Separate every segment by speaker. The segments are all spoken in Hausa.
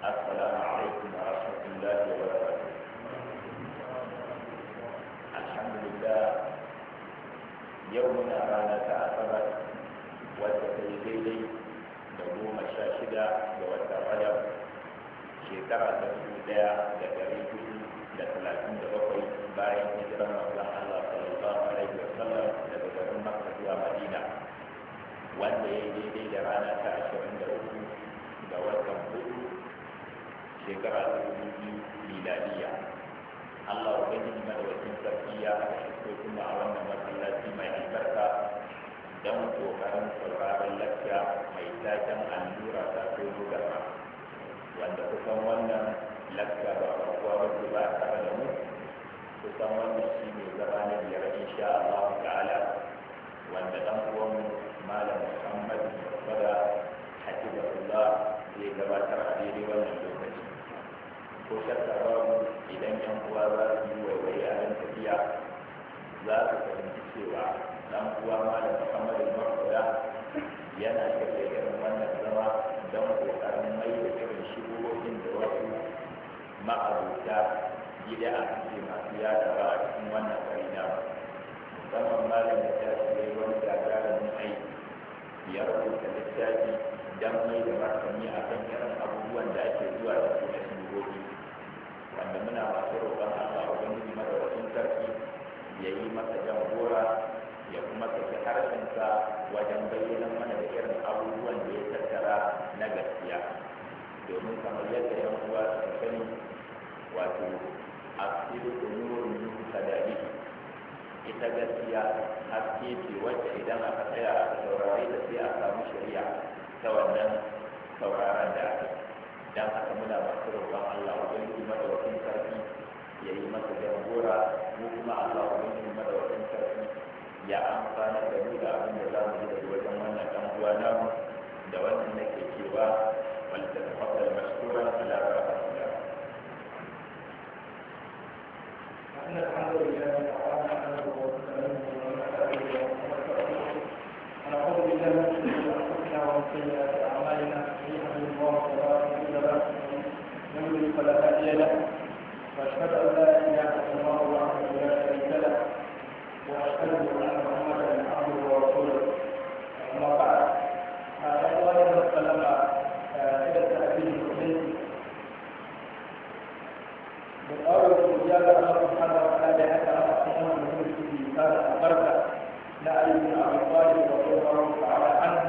Speaker 1: السلام عليكم ورحمة الله وبركاته الحمد لله يومنا رانا تعتبر وتتجيلي نجوم الشاشدة وتغلب شكرا تسودا لتريد لثلاثين دقيقة باين هجرة رمضان الله صلى الله عليه وسلم لتجرم مكة ومدينة وان يجيلي لرانا تعشرين دقيقة ga watan hudu shekara ta biyu miladiya Allah da madawacin sarki ya shiko kuma a wannan masallaci mai albarka don kokarin sauraron lafiya mai taken allura ta tono ba wanda kusan wannan lafiya ba kuwa wacce ba tare da mu kusan wannan shi ne zama na biyar insha Allah ta'ala wanda dan uwan malam Muhammad Bada Hajjibullah zai gabatar a daidai wannan ko shakka babu idan yan uwa za su yi waiwai a nan tafiya za su fahimci cewa dan uwa malam muhammadu marfuda yana shirya irin wannan zama don kokarin mai da irin shigogin da wasu ma'abuta gida a cikin masu ba a cikin wannan karina musamman malam da ta shirya wani gagarumin aiki ya rubuta littafi don mai da martani akan irin abubuwan da ake zuwa da su wanda muna masu roƙon Allah ubangiji madawacin sarki ya yi masa jagora ya kuma saki harshensa wajen bayyana mana da irin abubuwan da ya tattara na gaskiya domin kamar yadda yan uwa suka sani wato a asiru umurun yusa da ita gaskiya haske ce wacce idan aka tsaya a saurari da sai a samu shari'a ta wannan sauraron da aka dan haka muna masu roƙon Allah ubangiji madawacin sarki ya yi masa jagora mu kuma Allah ubangiji madawacin sarki ya amfana da mu da abin da za mu yi daga wajen wannan ɗan uwa namu da wannan nake cewa wal tafaddal mashkuran ala rahmatillah الحمد لله تعالى نحمده ونستعينه ونستغفره ونستغفره فلا هادي له واشهد ان لا اله الا الله وحده لا شريك له واشهد ان محمدا عبده ورسوله اما بعد اخوان السلام آه، الى التاكيد الصحيح بالأول رجال الله سبحانه وتعالى بأن أصحابه من في هذا البركة لا أي أبي طالب رضي الله تعالى عنه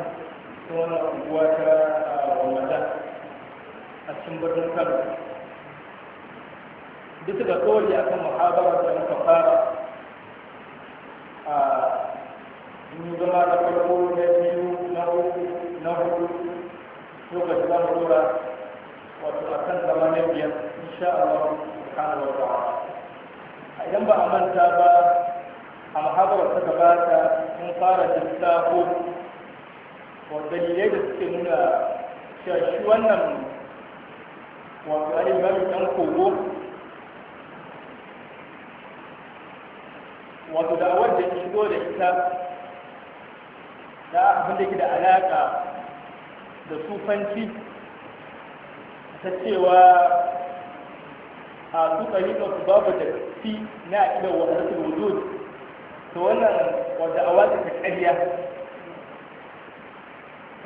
Speaker 1: سوره وكان a cikin birnin kano bisa
Speaker 2: ga kawai akan muhabara da muka fara a
Speaker 1: mun zama da farko na biyu na uku na hudu lokaci za mu dora wato a kan zama na biyar insha Allah kana da
Speaker 2: wata a idan ba a manta ba a muhabara ta gabata mun fara lissafo wa dalilai da suke nuna cewa shi wannan wato ai imamu ɗan kogo wato da wadda ke shigo da ita da abin da ke da alaƙa da sufanci
Speaker 3: ta cewa
Speaker 2: a su ɗariƙa babu da fi na aƙida wa su wujud Ta wannan wadda a wata ta ƙarya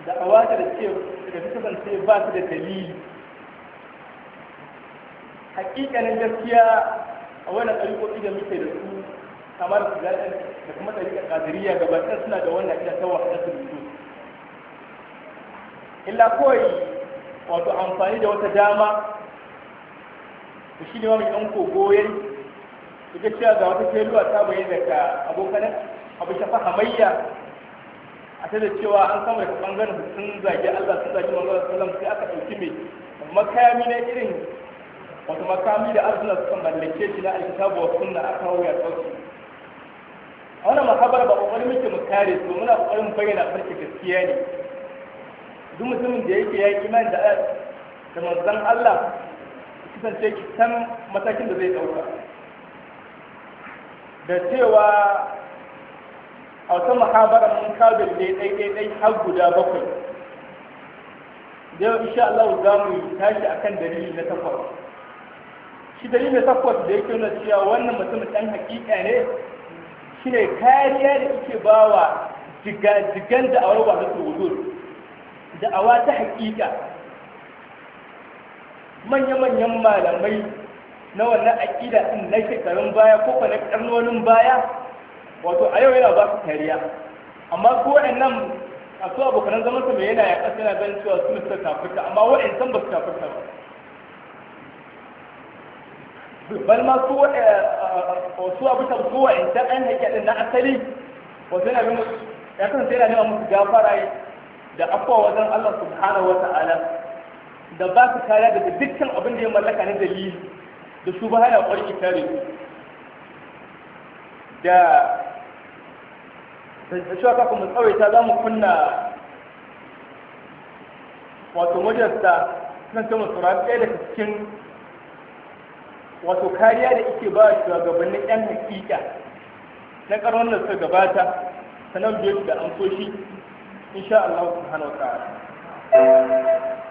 Speaker 2: da a wata da ce da ta ba su da dalili hakikanin gaskiya a wannan ɗariƙoƙi da muke da su kamar su zaɗin da kuma ɗariƙa ƙadiriya ta suna da wannan ita ta wahala su mutu illa kawai wato amfani da wata dama da shi ne wani ɗan kogo cewa ga wata teluwa ta bayi daga abokan abu shafa hamayya a ta da cewa an samu daga ɓangaren sun zage allah sun zage manzara sallam sai aka ɗauki mai makayami na irin wata makami da arzuna suka mallake shi na alkitabu wa sunna a kawo ya sauki a wannan mahabar ba kokarin muke mu kare su muna kokarin bayyana farki gaskiya ne duk mutumin da yake ya yi imani da da manzon Allah kasance ki san matakin da zai dauka da cewa a wata mahabara mun dai-dai-dai har guda bakwai da yau insha Allah za mu tashi akan dalili na takwas shi ne takwas da yake nuna cewa wannan mutum ɗan hakika ne shi ne kariya da yake ba wa jigajigan da'awar wa na tsohon awa ta hakika manya-manyan malamai na wannan aƙida ɗin na shekarun baya ko kwanar na ƙarnonin baya wato a yau yana ba su kariya amma ko waɗannan a su abokanan zaman su mai yana ya ƙasa yana ganin cewa su suka kafirta amma waɗansan ba su kafirta ba bal ma su eh, eh, eh, su abu ta zuwa in ta an hake din na asali wasu yana bin ya kan sai yana musu gafara da afwa wajen Allah subhanahu wata'ala da ba su kare daga dukkan abin da ya mallaka na dalili da su ba hana kwarki kare da da shi aka kuma tsawaita za mu kunna wato majalista suna ce mu saurari ɗaya daga cikin wato kariya da ike ba shugabannin yan hakika na karon da suka gabata sanar da da shi insha Allah subhanahu wa ta'ala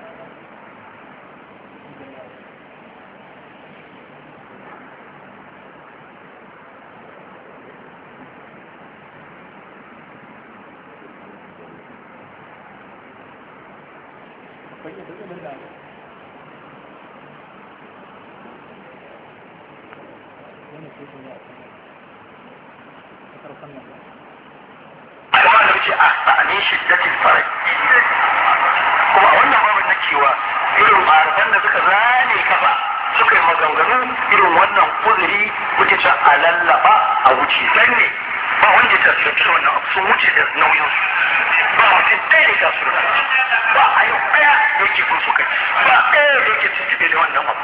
Speaker 1: wanda suka zane kafa suka yi maganganu irin wannan kuzuri wuce ta a lallaba a wuce dan ne ba wanda ta su ce wannan su sun wuce da nauyin su ba mutum ɗaya yi ta su ba a yi ɗaya da yake kun suka ba ɗaya da yake cikin da wannan abu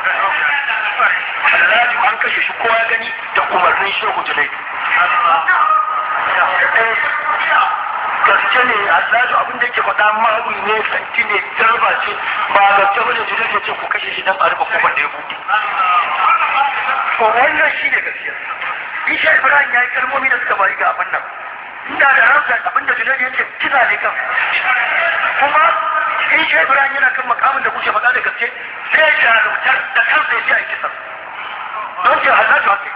Speaker 2: Alhaji an kashe shi kowa gani da umarnin shehu Jalaidu. gaske ne a tsaju abin da ke faɗa maru ne santi ne jarba ce ba ta bane jirgin ya ce ku kashe shi don a rufe da ya buɗe to wannan shi ne gaskiya Isha Ibrahim ya yi kalmomi da suka bari ga abin nan ina da ransa abin da jirgin ya ce kina ne kan kuma Isha Ibrahim yana kan makamin da kuke faɗa da gaske sai ya rubuta da kansa ya ce a kisa don ke halatu hasi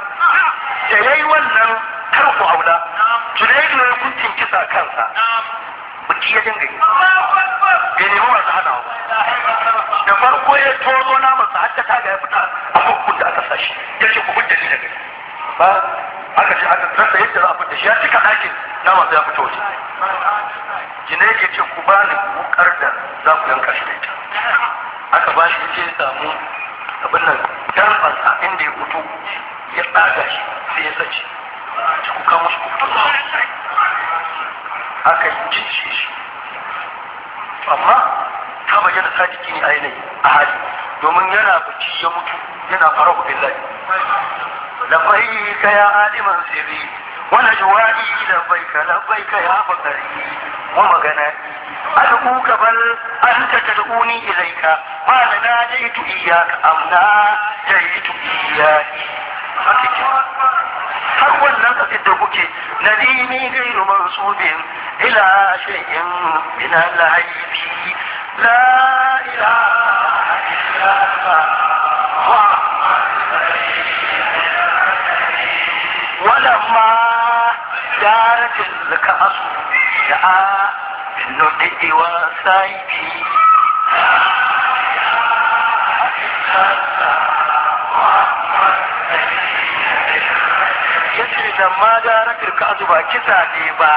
Speaker 2: da ya yi wannan tarko aula junaidu ya mutum kisa kansa baki ya dinga yi bai nemi masu hana da farko ya tozo na masu ta ga ya fita a hukun da aka sashi ya ce ku hujja ni da gari ba aka ce aka rasa yadda za a fita shi ya cika ɗakin na masu ya fito waje junaidu ya ce ku ba ni wukar da za ku yanka shi da ita
Speaker 1: aka ba shi ce samu abin nan darfansa inda ya fito ya tsaga shi sai ya sace ci kuka musu aka yi cince shi amma ta bayyana
Speaker 2: sadiki ne a yanayi a hali domin yana bacci ya mutu yana farahu billahi labbaika ya aliman sirri wala jawadi labbaika labbaika ya bakari wa magana ad'uka bal anta tad'uni ilayka na la najaitu ka amma jaitu
Speaker 1: iyyaki hakika
Speaker 2: har wannan kasid da kuke nadimi gairu mansubin
Speaker 3: ila shay'in min al-haybi la ilaha illa huwa ولما دارت الكأس
Speaker 1: دعا بالنطق وسايبي لا إله إلا
Speaker 2: الله da ma da rakar kasu ba kisa ne ba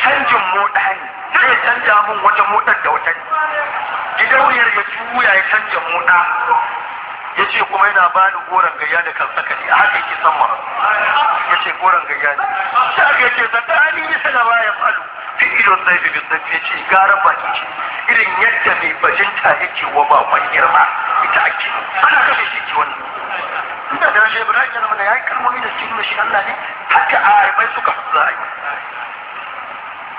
Speaker 2: canjin moɗa ne zai canja mun wata motar da wata gidauniyar ya juya ya canja moɗa ya ce kuma yana ba ni goron gayya da kan ne a haka yake san mara ya ce goron gayya ne shi aka yake zakani bisa ba baya falu fi idon zai fi zaifi ya ce gara baki ce irin yadda
Speaker 1: mai bajinta yake wa ba girma ita ake ana kafa shi ke wannan
Speaker 2: inda da shi ibrahim ya zama da ya yi kalmomi da cikin shi Allah ne haka a harbai suka fi za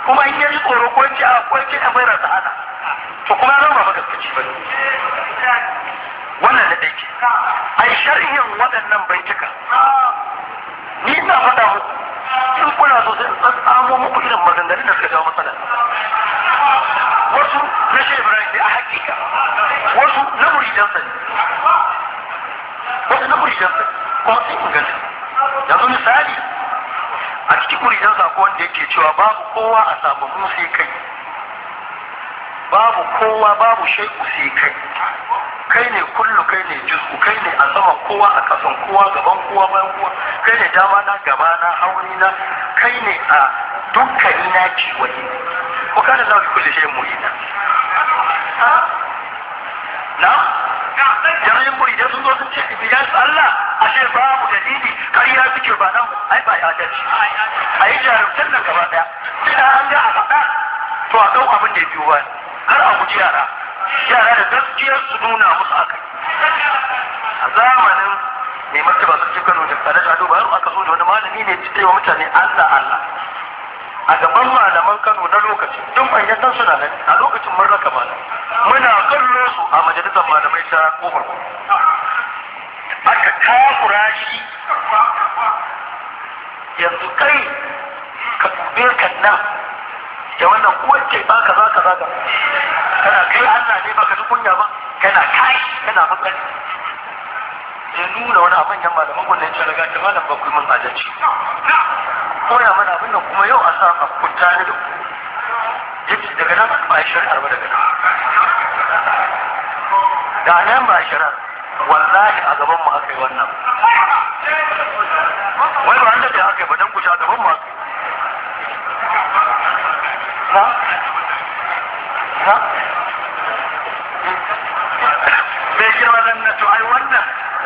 Speaker 2: kuma in yi tsoro ko ce a ko ce a bai rasa hada to kuma
Speaker 1: zama ba gaskaci ba wannan da dake yi sharhin waɗannan cika ni ina faɗa muku in kuna so sai in
Speaker 2: tsamo muku irin maganganu da suka jawo matsala wasu na shi ibrahim a hakika wasu na muridansa ne waɗanda kurijansa kuma sun inganta yanzu misali a cikin kurijansa ko
Speaker 1: wanda yake cewa babu kowa a samu sai kai babu kowa babu shaiku sai kai kai ne kullu kai ne juz'u kai ne a sama kowa a
Speaker 2: kasan kowa gaban kowa bayan kowa kai ne dama na gaba na hauri na kai ne a dukkani na kiwaye ko kana za ku kulle shi mu'ina
Speaker 3: na yanzu idan sun zo sun ce ibiyan Allah
Speaker 2: ashe babu dalili kariya suke ba nan
Speaker 1: ai ba ya dace
Speaker 2: a yi jarumtar nan gaba daya idan an ga a faɗa to a kan abin da ya biyo ba kar a guji yara yara da gaskiyar su nuna musu akai a zamanin mai martaba su cikin wajen tsada ta duba yau aka zo da wani malami ne ci wa mutane Allah Allah a gaban malaman Kano na lokacin duk manyan suna nan a lokacin mun raka muna kallo su a majalisar malamai ta kofar ku. aka takura
Speaker 1: shi yanzu kai ka dube ka nan da wannan kuwace ba ka za ka za ka kana kai Allah ne baka ji kunya ba kana kai kana matsayi ya nuna
Speaker 2: wani abin yan malaman gwamnati ta riga ta malam ba ku mun adalci koya mana abin nan kuma
Speaker 1: yau a sa a tare da ku yake daga nan ba a shari'ar ba daga nan da nan ba shirar wallahi a gaban mu aka yi wannan
Speaker 2: wai ba an da aka yi ba don kusa gaban mu aka na na bai shi wannan na to ai wannan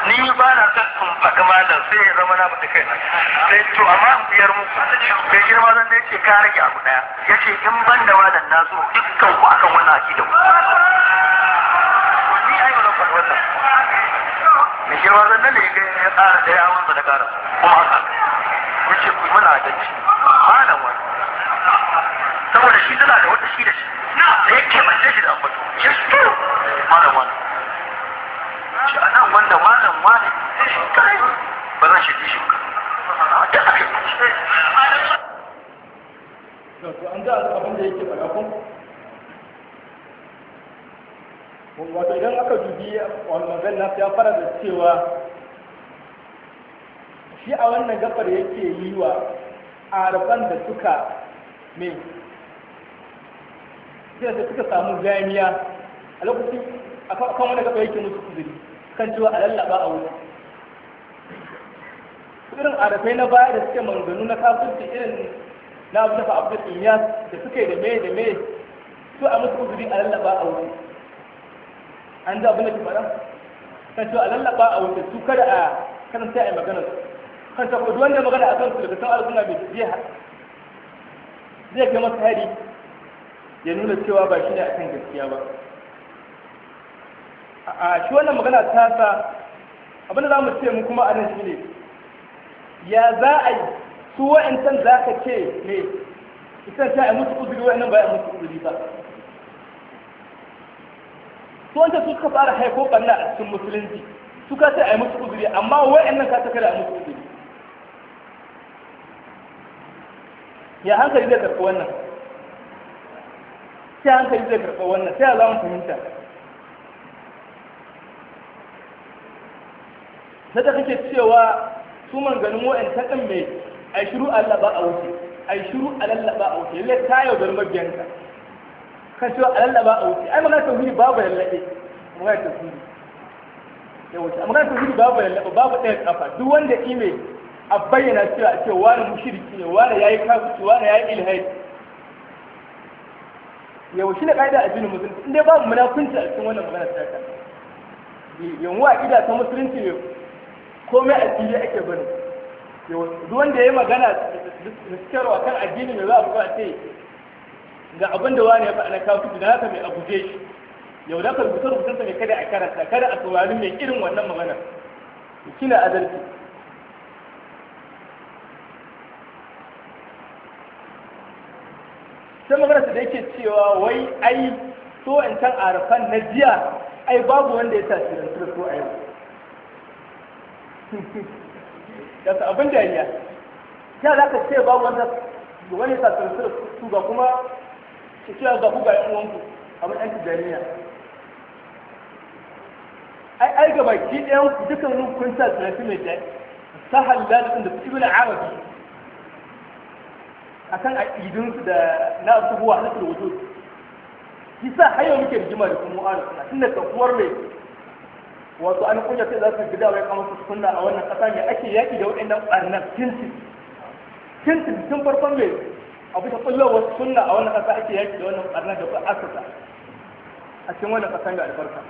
Speaker 2: ni ba na son in faɗi malam sai ya zama na mutu kai sai to amma an biyar mu bai girma zan da ya ce ka rage abu daya ya ce in ban da malam na so dukkan ku akan wani aki faɗi mai girma zan nan ne
Speaker 1: ya tsara da yawon sa da gara kuma haka kun ce ku mana adalci malam wani saboda shi tana da wata shi da shi da ya kebance shi da abu ya shi to malam wani shi a nan wanda malam wani shi kai ba zan shi shi ba
Speaker 3: da aka yi
Speaker 2: to an ga abin da yake faɗa kun wato idan aka dubi wannan ganna ya fara da cewa shi a wannan gafar yake yi wa araban da suka mai sai da suka samu ganiya a lokacin akan wani gaba yake musu kuzuri kan cewa a lallaba a wuce irin arafai na baya da suke manzannu na kafirci irin na abu da fa'abdul iyas da suke da me da me su a musu kuzuri a lallaba a wuce an ji abin da ke faɗa kan cewa a lallaba a wanda su kada a kan sai a yi magana kan ta kudu wanda magana a kansu daga san al'umma mai jiya zai kai masa hari ya nuna cewa ba shi ne a kan gaskiya ba a shi wannan magana ta sa abin da za mu ce mu kuma a nan shi ne ya za a yi su can za ka ce ne ita ta yi musu uzuri nan ba ya musu uzuri ba su wanda su suka fara haiko ɓanna a cikin musulunci su ka sai a yi musu uzuri amma nan ka ta kada a musu uzuri ya hankali zai karɓi wannan sai hankali zai karɓi wannan sai a za mu fahimta sai ta kake cewa su wayan ta ɗan mai a shiru Allah ba a wuce a shiru Allah ba a wuce lai ta yaudar mabiyanka kan cewa a lallaba a wuce ai magana tauhidi babu lallabe magana tauhidi ya wuce amma magana tauhidi babu lallabe babu ɗaya kafa duk wanda ime a bayyana cewa ce wani mushriki ne wani yayi kafirci wani yayi ilhai yau shi ne kaida addinin musulunci in dai babu munafunci a cikin wannan magana ta ka yanzu a kida ta musulunci ne komai addini ake bari duk wanda ya yi magana da sukarwa kan addini ne za a buga a ce ga abin da wani ya faɗa na kafin da haka mai a guje shi yau da ka rubuta rubutunsa mai kada a karanta kada a saurari mai irin wannan magana kina adalci sai maganarsa da yake cewa wai ai so in can arafan na jiya ai babu wanda ya tashi da su so a yau da abin da ya za ka ce babu wanda wani ya tashi da su ga kuma su cewa ga ku ga yan uwanku abin ɗan tijaniya ai ai ga baki ɗayan ku dukkan nun kun sa salafi mai jai sahal lalacin da ibn arabi akan su da na abubuwa na turwudu kisa hayo muke rigima da kuma mu'ana suna tunda kafuwar mai wato an kunya sai za su gida wai kamar su sunna a wannan ƙasa ne ake yaƙi da waɗannan ɓarnar kintin. Kintin tun farkon mai ta bisa wasu sunna a wannan ƙasa ake yaki da wannan ɓarnar da ba'a asusa a cikin wannan ƙasan da albarka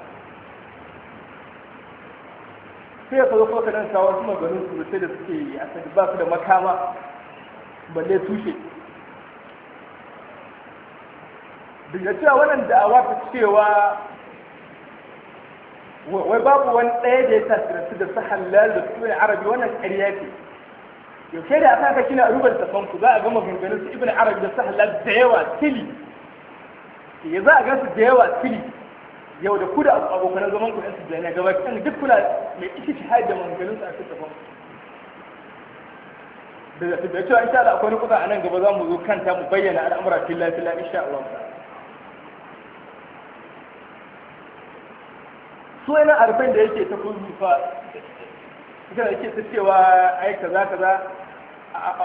Speaker 2: sai ka zo kuma ka danta wasu maganin surutai da suke yi a sadi ba su da makama balle tushe duk da cewa wannan da'awa ta cewa wai babu wani ɗaya da ya tasirantu da su halal da su arabi wannan ƙarya ce yau sai da aka kina a rubar tafan ku za a gama ganganin su ibn arab da sahala da yawa tili ya za a gansu da yawa tili yau da ku da abokan zaman ku ɗan su jami'a gaba kan duk kuna mai ishi shahadi da maganganun su a cikin tafan da zafi da cewa insha Allah akwai nukuta a nan gaba za mu zo kanta mu bayyana al'amura filla filla insha Allah su yana arfin da yake ta fa. ita da ke ta cewa ai kaza kaza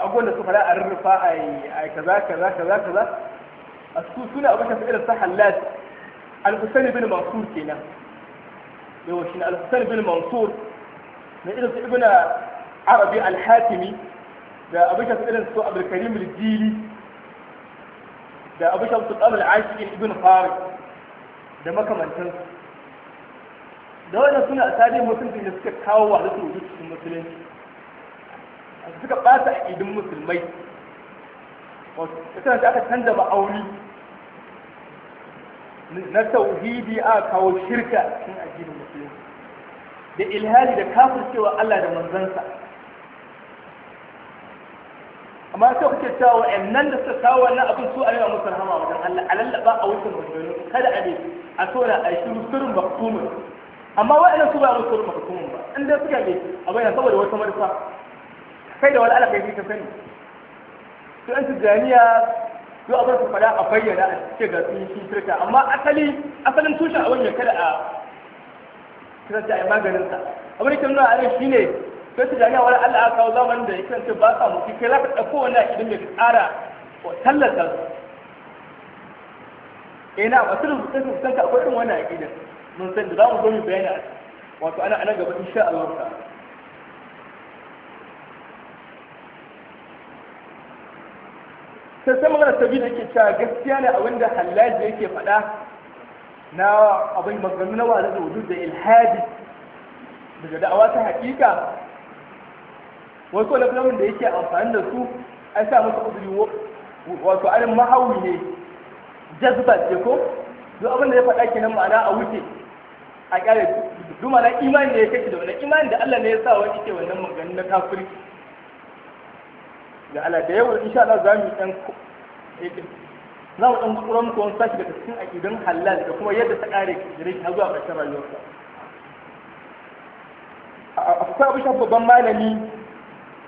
Speaker 2: abubuwan da su fara a rurrufa ai kaza kaza kaza kaza a su suna abin da irin sahallat al-husayn bin mansur kenan yau shi al-husayn bin mansur na irin su ibn arabi al-hatimi da abin da irin su abdul al-jili da abin da su al-ashiq ibn farid da makamantansu da wannan suna a tarihin musulunci da suka kawo wa nasu wujud cikin musulunci suka ɓata a idin musulmai wasu aka canza ma'auni na tauhidi a kawo shirka cikin ajiyar musulunci da ilhali da kafin cewa Allah da manzansa amma sai kuke cewa nan da suka kawo wannan abin su ayyuka musu hama wajen Allah a lallaba a wucin musulmi kada a ne a so na a shi sirrin maktumin amma wa'annan su ba mu su maka kuma ba in dai suka ne a bayan saboda wata manufa kai da wani alaƙa yake ka sani su an tijaniya a abin su faɗa a bayyana a cikin ga sun shi shirka amma asali asalin tushen abin ya kada a kiranta a yi maganinsa abin da ke nuna a shi ne sai tijaniya wani allah aka kawo zamanin da ya kiranta ba sa mutu kai za ka ɗauko wani a idan mai ko tallata su ina eh, wasu rubutun rubutun ka akwai irin wani a gidan mun san da za mu gani bayani a wato ana ana gaba insha Allah ta sai sama da sabi da ke cewa gaskiya ne abinda hallaji yake faɗa na abin maganganu na wa'azi da wujud da ilhadi daga da'awa ta hakika wasu wani da yake amfani da su an sa masa kudiri wato arin mahawi ne jazba ce ko duk abin da ya faɗa kenan ma'ana a wuce a kyale duma na imani ne ya kashe da wannan imani da Allah ne ya sa wa ke wannan magana na kafirci da Allah da yawa insha Allah za mu dan eh, za mu dan kura muku wani sashi daga cikin aqidan halal da kuma yadda ta kare gare shi zuwa ƙarshen rayuwarka. A akwai abu shafi babban malami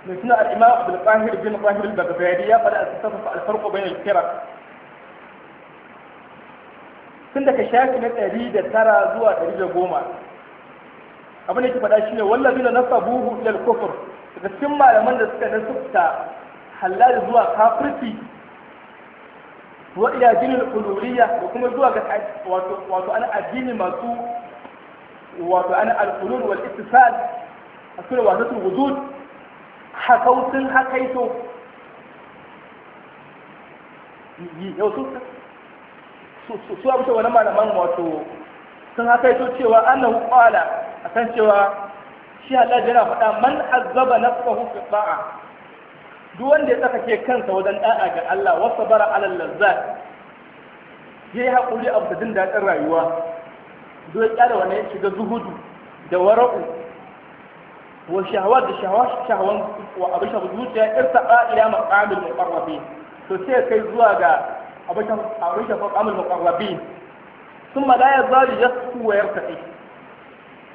Speaker 2: mai suna al-imam Abdul Qahir bin Qahir al-Baghdadi ya faɗa a cikin al-farq bayan al-firaq tun daga shafi na ɗari da tara zuwa ɗari da goma abin da ke faɗa shi ne wallafi da nasa buhu ilal kufur da cikin malaman da suka nasu ta halal zuwa kafirci wa ila dinin uluriya da kuma zuwa ga wato ana addini masu wato ana al-ulul wal ittisal suna wato wujud hakautin hakaito yau sun su abuta wani malaman wato sun haka yato cewa hukwala a kan cewa shi Allah yana faɗa man na nafsahu hukun ta'a duk wanda ya tsakake kansa wajen da'a ga Allah wasu bara ala lazzat yayi haƙuri a jin daɗin rayuwa duk ya kyale wani ya shiga zuhudu da wara'u wa shahawar da shahawar wa abin shahawan zuciya irsa ila mai ƙarfafi, to sai kai zuwa ga a rufe amul muqarrabin sun ma ya yazalu wayar ta yartafi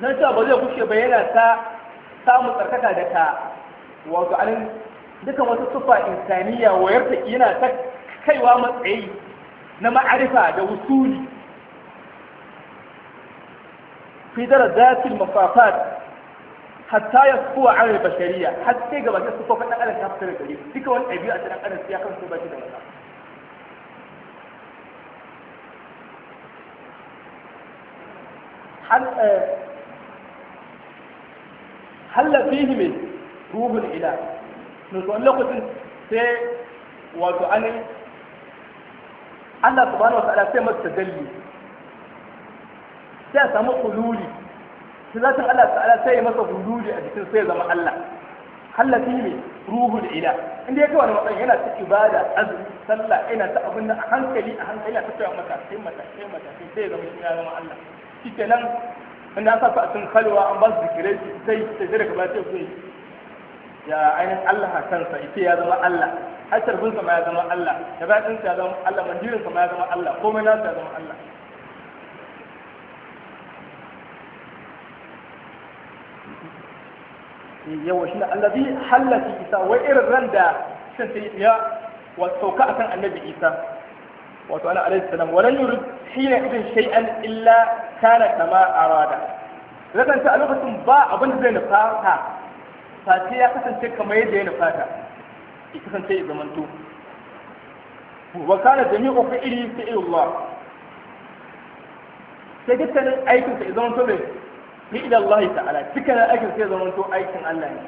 Speaker 2: nan cewa ba zai kushe ba yana ta samu tsarkaka da ta wato anin dukan wata sufa insaniya wa yartafi yana ta kaiwa matsayi na ma'arifa da wusuli fi darajatil mafafat hatta ya kuwa an bashariya har sai gaba su sufa faɗin adam ta fitar da gari duka wani ɗabi'a ta ɗan adam ya kan su ba shi da wata halla eh, fihi min ruhul ila nutsuwan lokacin sai wato an Allah subhanahu wa ta'ala sai masa dalli sai a samu hululi shi zatin Allah ta'ala sai ya masa hululi a jikin sai ya zama Allah halla fihi min ruhul ila inda ya kai wani matsayin yana ta ibada azumi sallah yana ta abin a hankali a hankali a ta matakai matakai matakai sai ya zama shi ya zama Allah shi kenan in na sa su kalwa an ba su zikirai sai sai sai daga bace ku ya ainihin Allah kansa ita ya zama Allah har sarfin ma ya zama Allah da sa ya zama Allah mandirin ma ya zama Allah komai nasa ya zama Allah yawa shi ne allazi hallaki isa wai irin ran da shi sai ya wato sauka akan annabi isa wato ana alaihi salam wa lan yurid hina idin shay'an illa kana kama arada ya kasance a lokacin ba abin da zai nufata face ya kasance kamar yadda ya nufata ya kasance ya zamanto wa kana jami'u fi'li fi'lullah sai dukkanin aikin sa ya zamanto Allah fi'lullah ta'ala dukkanin aikin sa ya zamanto aikin Allah ne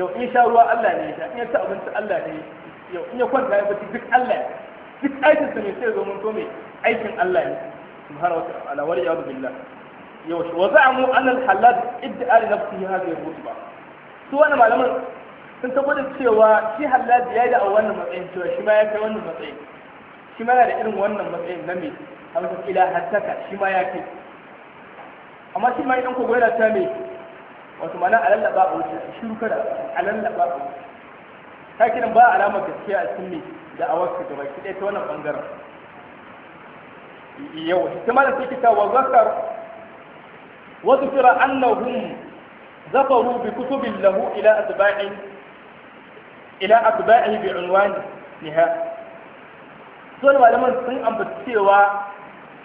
Speaker 2: yau in sha ruwa Allah ne ya sha in ya ci abinci Allah ne yau in ya kwanta ya bacci duk Allah ne duk aikin sa ne sai ya zamanto mai aikin Allah ne سبحانه وتعالى ta'ala wal iyad billah yau wa za'amu anna al-hallaj idda'a li nafsihi hadhihi al-rutba su wannan malaman sun tabbatar cewa shi hallaj ya yi wannan matsayin cewa shi ma ya kai wannan matsayin shi ma da irin wannan matsayin na me hamsa ila hattaka shi ma ya kai amma shi ma idan ko gwada ta me wato mana a shiru a ba alamar gaskiya a cikin me da a wasu gaba ki ɗaya ta wannan bangaren yau hikimar da take wa zakar wasu kira annahum zafaru bi kutubin lahu ila atba'i ila atba'i bi unwani niha sun malaman sun ambaci cewa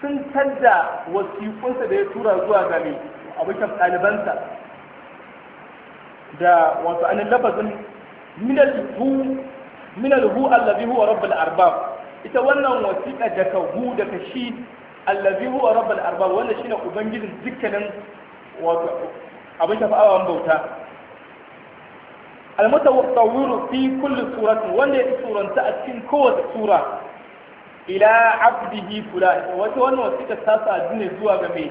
Speaker 2: sun tadda wasiƙunsa da ya tura zuwa ga mai abokan ɗalibansa da wasu anin lafazin minal hu allazi huwa rabbul arbab ita wannan wasiƙa ka hu daga shi allazi huwa rabbul arbab wanda shine ubangijin dukkanin wato abin shafa'awan bauta almutawwiru fi kulli suratin wanda ya suranta a cikin kowace sura ila abdihi fulan wato wannan wasiƙa ta sa ne zuwa ga mai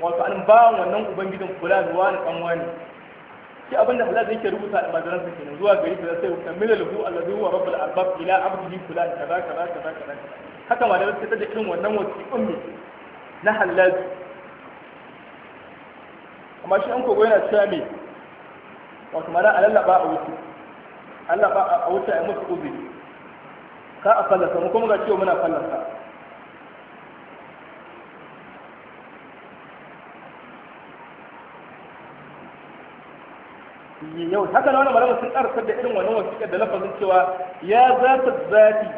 Speaker 2: wato an ba wannan ubangijin kula wani dan wani shi abinda Bilal yake rubuta da madrasa kenan zuwa gari da sai wa milahu allazi huwa rabbul arbab ila abdihi fulan kaza kaza kaza kaza haka malamai suka tada irin wannan wasi, ne na hallazu amma shi an kogo yana cewa me wato mana a lallaba a wuce Allah ba a wuce a musu uzuri ka a fallasa mu kuma ga cewa muna fallasa yau haka na wani malama sun karsar da irin wannan wasiƙar da lafazin cewa ya zata zati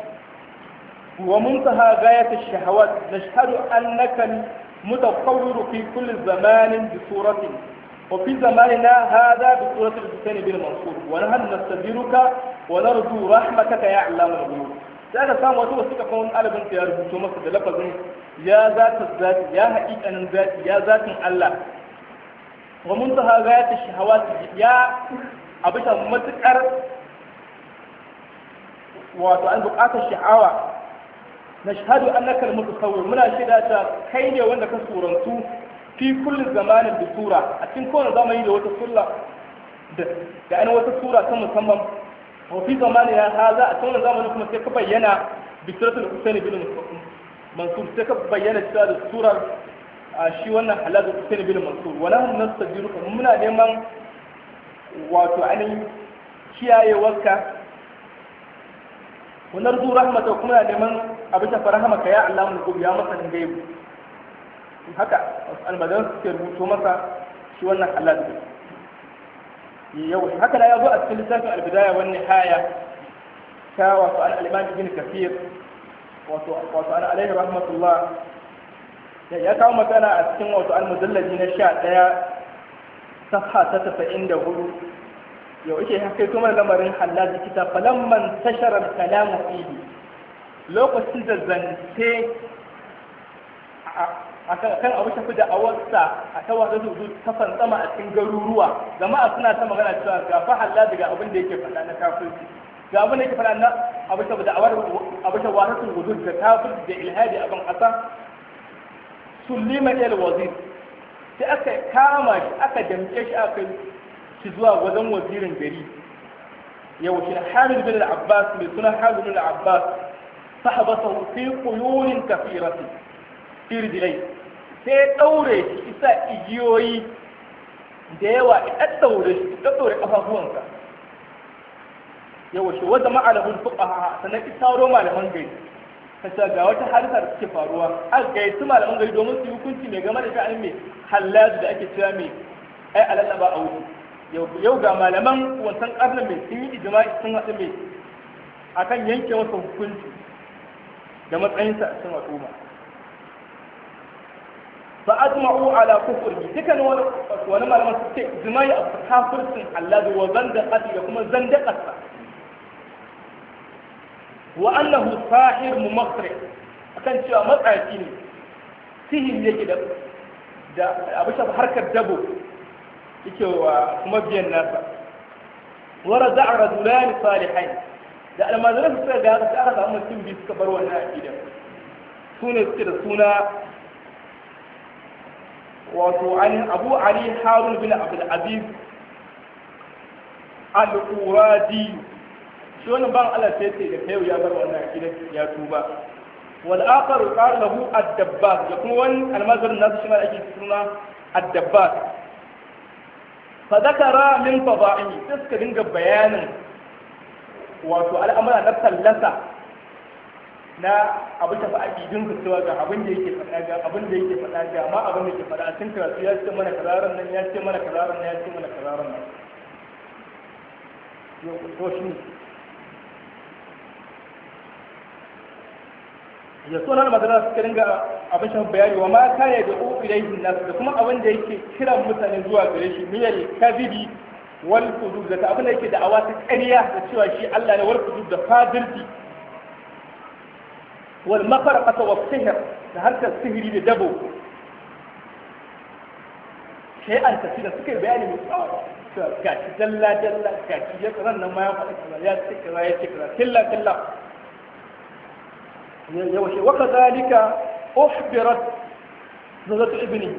Speaker 2: wa muntaha gayat ash-shahawat nashhadu annaka متطور في كل زمان بصورة وفي زماننا هذا بصورة الحسين بن منصور ونحن نستديرك ونرجو رحمتك يا علام الغيوب sai samu wata wasu kafin wani ɗalibin ta ya rubuto masa da lafazin ya zata zati ya haƙiƙanin zati ya zatin Allah wa muntaha gayat shahawat ya abita matuƙar wato an bukatar sha'awa na shahadu annaka al-mutasawwir muna shaida ta kai ne wanda ka surantu fi kulli zamanin da sura a cikin kowane zamani da wata sura da an wata sura ta musamman wa fi zamanin ya haza a cikin zamanin kuma sai ka bayyana bi suratul husaini bin mansur sai ka bayyana cewa da surar a shi wannan halaga kusa bin mansur wala hum nastajiru muna neman wato ainihin kiyayewarka wannan zu rahmata kuma na neman abin da farahama ka ya Allah mun gobe ya masa gaibu haka almadan suke rubuto masa shi wannan halaga yau haka na ya zo a cikin littafin albidaya wani haya ta wato an alimani bin kafir wato an alaihi rahmatullah ya kawo magana a cikin wato almujallaji na sha ɗaya safa ta tasa'in da hudu yau ake haka kuma lamarin hallaji kita falamman tasharar kalamu ihi lokacin da zance kan abu shafi da awarsa a ta wata zuzu ta fantsama a cikin garuruwa jama'a suna ta magana cewa ga fa hallaji ga abin da yake faɗa na kafirci ga abin da yake faɗa na abu shafi da awar abu shafi wata zuzu da kafirci da ilhadi abin ƙasa sullima il wazir sai aka kama shi aka damke shi aka shi zuwa wajen wazirin gari yau shi Hamid bin Abbas mai suna Hamid bin Abbas sahabasahu fi quyunin kafirati fi rijlai sai daure shi isa igiyoyi da yawa ya daddaure shi daddaure kafafuwansa yau shi wa jama'a lahul fuqaha sanan isaro malaman gari kasa ga wata harkar suke faruwa a gaisu malaman gari domin su yi hukunci mai game da sha'anin mai hallaz da ake cewa mai ai ba a wuce yau ga malaman wancan karnin mai sun yi ijima sun haɗu mai akan yanke masa hukunci da matsayinsa a cikin al'umma fa ajma'u ala kufri dukkan wani wani malaman suke jima'i a kafircin hallaz wa zandaqati da kuma zandaqarsa wa annahu sahir a kan cewa matsafi ne sihir yake da da abu shafa harkar dabo yake wa kuma biyan nasa wa raza'a rajulani salihain da almajiran su suka ga haka sai aka samu mutum biyu suka bar wannan aqidar su ne suke da suna wato ainihin abu ali harun bin abdul aziz al-uradi shi ban Allah sai ce da ya bar wannan akidar ya tuba wal akhar qala lahu ad dabba. Ya kuma wani almazarin nasu shi ma ake suna ad dabba. fa zakara min fada'i suka dinga bayanin wato al'amura na fallasa na abu ta fa akidin su cewa ga abin da yake faɗa ga abin da yake faɗa ga abin da yake a cikin karatu ya ce mana kazaran nan ya ce mana kazaran nan ya ce mana nan shi ya so nan magana suka dinga abin shan bayani wa ma kana da uku ilaihi nas da kuma abin da yake kiran mutane zuwa gare shi miyar kadhibi wal kudub da abin da yake da awa ta ƙarya da cewa shi Allah ne wal kudub da fadirti wal mafarqata wa sihr da harkar sihiri da dabo sai an tafi da suka bayani mai tsawo gashi dalla dalla gashi ya tsaron nan ma ya faɗa kaza ya ce kaza ya ce kaza killa killa وكذلك أخبرت زوجة ابني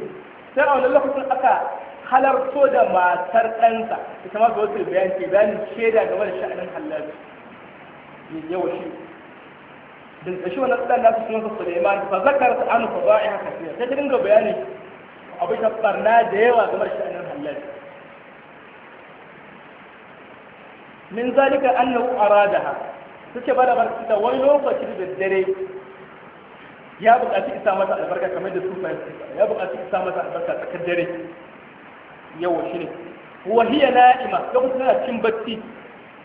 Speaker 2: سأل الله لكم أكا خلر صودا ما تر أنت كما قلت البيان في بيان شيدا دول شأن الحلاب يوشي بل أشوف أن أستاذ ناس سنة سليمان فذكرت عنه فضائح كثيرة تجد أنه بياني أبي تفترنا ديوة دول شأن الحلاب من ذلك أنه أرادها suke ba da barci da wani lokaci da dare ya buƙaci isa mata albarka kamar da sufa ya buƙaci isa mata albarka tsakar dare yawa shi ne wahiya na'ima ga mutum tana cin bacci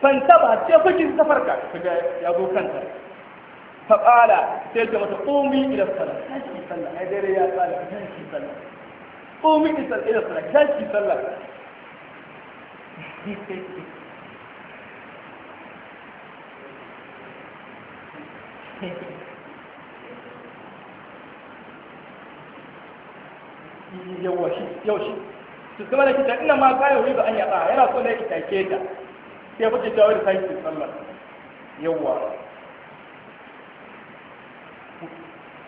Speaker 2: fanta ba sai fakin ta farka kaga ya zo kanta fa qala sai ta mata qumi ila salat ki sallah ai dare ya tsala ki sallah qumi ila salat ki sallah yawa shi yau shi su zama da kita ina ma kayan wuri ba an yaba yana so na ya kitake ta sai fice ta wani sai ki sallah yawa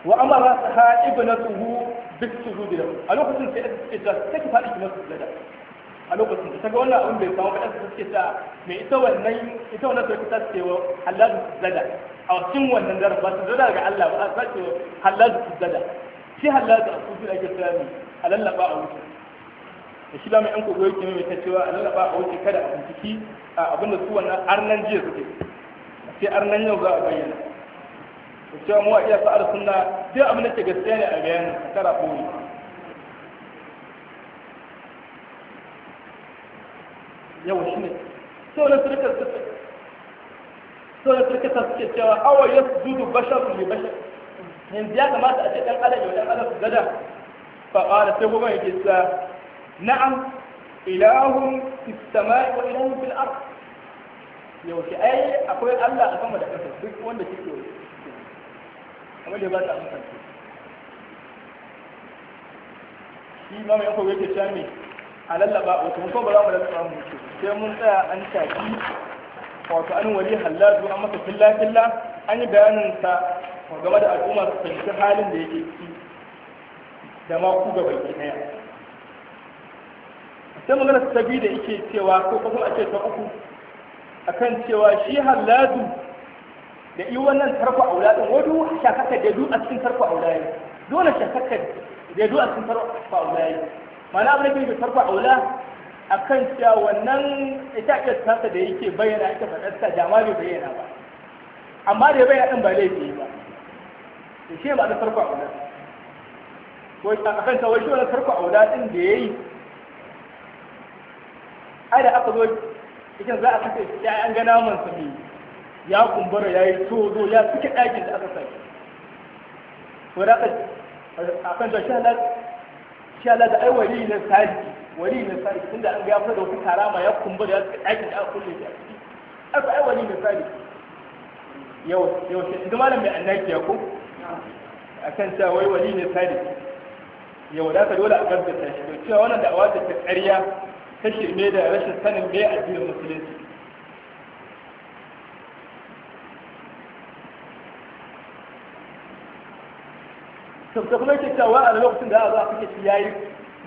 Speaker 2: wa amara saha ibnatuhu bis sujudi a lokacin sai ta ce ta ki faɗi ki masu sujada a lokacin da ta ga wannan abin bai samu ba ɗansa suke ta me ita wannan ita wannan sarki ta ce wa su zada a cikin wannan daren ba su zada ga Allah ba ta ce su zada shi halal da su ake kira ne a lallaba a wuce da shi lamun ɗan kogo yake mai ta cewa a lallaba a wuce kada a a abin da su wannan arnan jiya suke sai arnan yau za a bayyana da cewa mu a iya sa'ar suna, sai abin da ke gaskiya ne a bayanin kara ɓoye. yawa shi ne sauran turkar suke sauran turkar suke cewa awa ya zudu basharun ne bashar yanzu ya kamata a ce ɗan adam yau ɗan adam gada faƙara sai kuma yake sa na'am ilahun istamai wa ilahun fil ard yau shi ai akwai Allah a sama da ƙasa duk wanda kike kamar da ba ta amfani shi ma mai yanko yake cewa me a lallaba wato mun ba za mu rasa mu ce sai mun tsaya an tafi wato an wali halladu an masa filla filla an yi bayanin sa game da al'umma su fahimci halin da yake ciki da ma ku ga baki daya sai magana ta biyu da yake cewa ko kuma a ce ta uku akan cewa shi halladu da yi wannan tarko auladin din wadu shakaka da du a cikin tarko auladin dole shakaka da duk a cikin tarko auladin mana abin da ke farko A kan cewa wannan ita ake tasa da yake bayyana ita fadarsa jama'a ma bai bayyana ba amma da ya bayyana ɗin ba laifi ba da shi ba da farko aula ko akan cewa shi wani farko aula ɗin da ya yi? ai da aka zo cikin za a kace ya an gana naman sa ya kumbura ya yi tozo ya suke ɗakin da aka sa ko da aka akan shi shi Allah da ai wali na sadi wali na sadi tunda an ga fara da wata karama ya kumbura ya ɗakin da aka kulle shi a ciki ai wali na sadi yau yau shi duk malam mai annaki ya ko akan cewa wai wali na sadi yau da ka dole a gaskata shi to cewa wannan da da'awa ta ƙarya ta ne da rashin sanin me addinin musulunci da kuma yake cewa a lokacin da za a kake shi yayi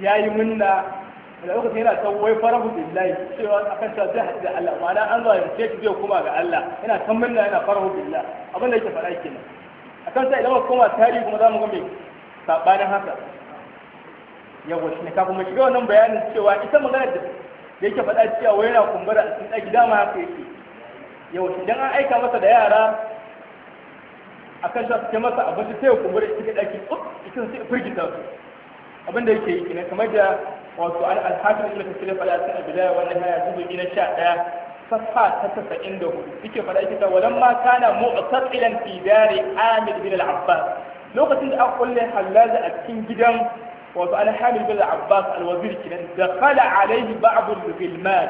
Speaker 2: yayi munna da lokacin yana ta wai farahu billahi cewa akan ta zai haɗu da Allah ma'ana an zalunce shi zai koma ga Allah yana ta munna yana farahu billahi abin da yake faɗa kenan akan sai idan muka koma tarihi kuma za mu ga me sabanin haka yawa shi ne kafin mu shiga wannan bayanin cewa ita magana da yake faɗa cewa wai yana kumbura a cikin ɗaki dama haka yake yawa shi idan an aika masa da yara akan za su kai masa abinci sai ya kumbura cikin ɗaki up cikin sai firgita su abin da yake yi kenan kamar da wato al-hakim ibn kasir fada a cikin bidaya wannan haya zuwa ina sha ɗaya safa ta tasa'in da hudu yake fada yake ta walan ma kana mu'tasilan fi dari amir bin al-abbas lokacin da aka kulle hallaza a cikin gidan wato al Hamil bin al-abbas al-wazir kenan da kala alaihi ba'd al-ghilman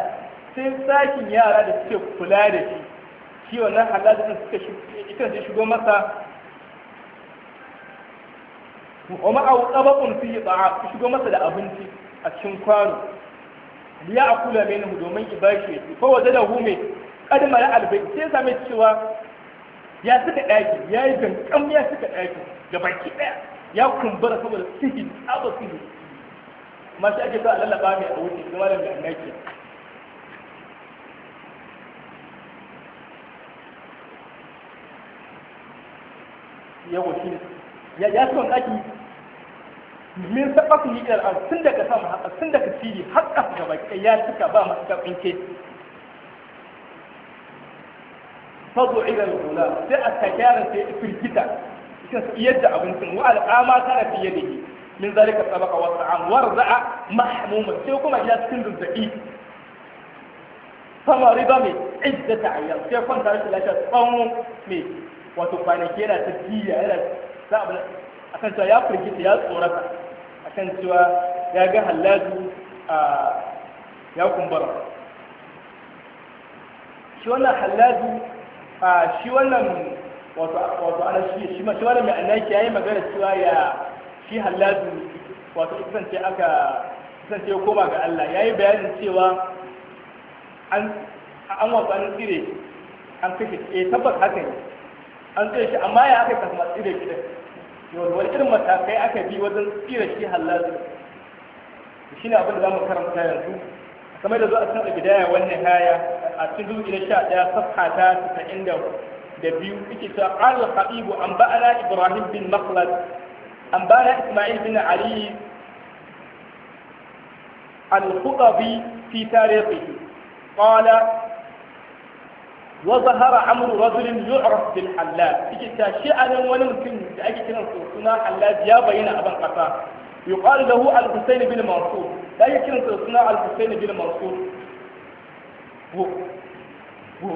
Speaker 2: sai sakin yara da suke kula da shi shi wannan halajin suka ita ce shigo masa kuma wa ma'au tsabakun fi ba'a shigo masa da abinci a cikin kwano ya akula mai nahu domin ibashi ya Ko waje da hume kadmar albai sai ya same cewa ya suka ɗaki ya yi dankan ya suka ɗaki da baki ɗaya ya kumbura saboda sihiri tsaba sihiri masu ake sa lallaba mai a wuce kuma da mai annaki ya wuce ya ya son daki min sabaka ni ilal an tun daga sama haka tun daga fili har kasa gaba ya cika ba masu kafin ke fadu ila al-ghula sai a takara sai firgita yadda abincin wa al'ama kana fiye da shi min zalika sabaka wa sa'am warza'a mahmuma sai kuma ya cikin zazzabi sama riba mai iddata ayyam sai kwanta rashin lafiya tsawon mai wato kwanaki yana ta jiya yana za a kan cewa ya firgita ya tsorata kan cewa ya ga hallaju a ya kumbara shi wannan hallaju a shi wannan wato ana shi shi wannan mai annaki ya yi magana cewa ya shi hallaju wato kasance aka kasance koma ga Allah ya yi bayanin cewa an an wato an tsire an kashe eh tabbas haka ne an tsire shi amma ya aka kama tsire shi yau wani irin matakai aka bi wajen tsira shi halalin shi ne abin da za mu karanta yanzu kamar da zo a cikin bidaya wannan haya a cikin dubu ila sha ɗaya safha ta tasa'in da biyu ita ta ƙarar habibu an ba'ana ibrahim bin makhlad an ba'ana ismail bin ali al-khutabi fi tarihi qala وظهر عمرو رجل يعرف بالحلاب يجي شأن ونمكن أجي كنا سنا حلاب يا بين أبا قطا يقال له الحسين بن منصور لا يمكن سنا الحسين بن منصور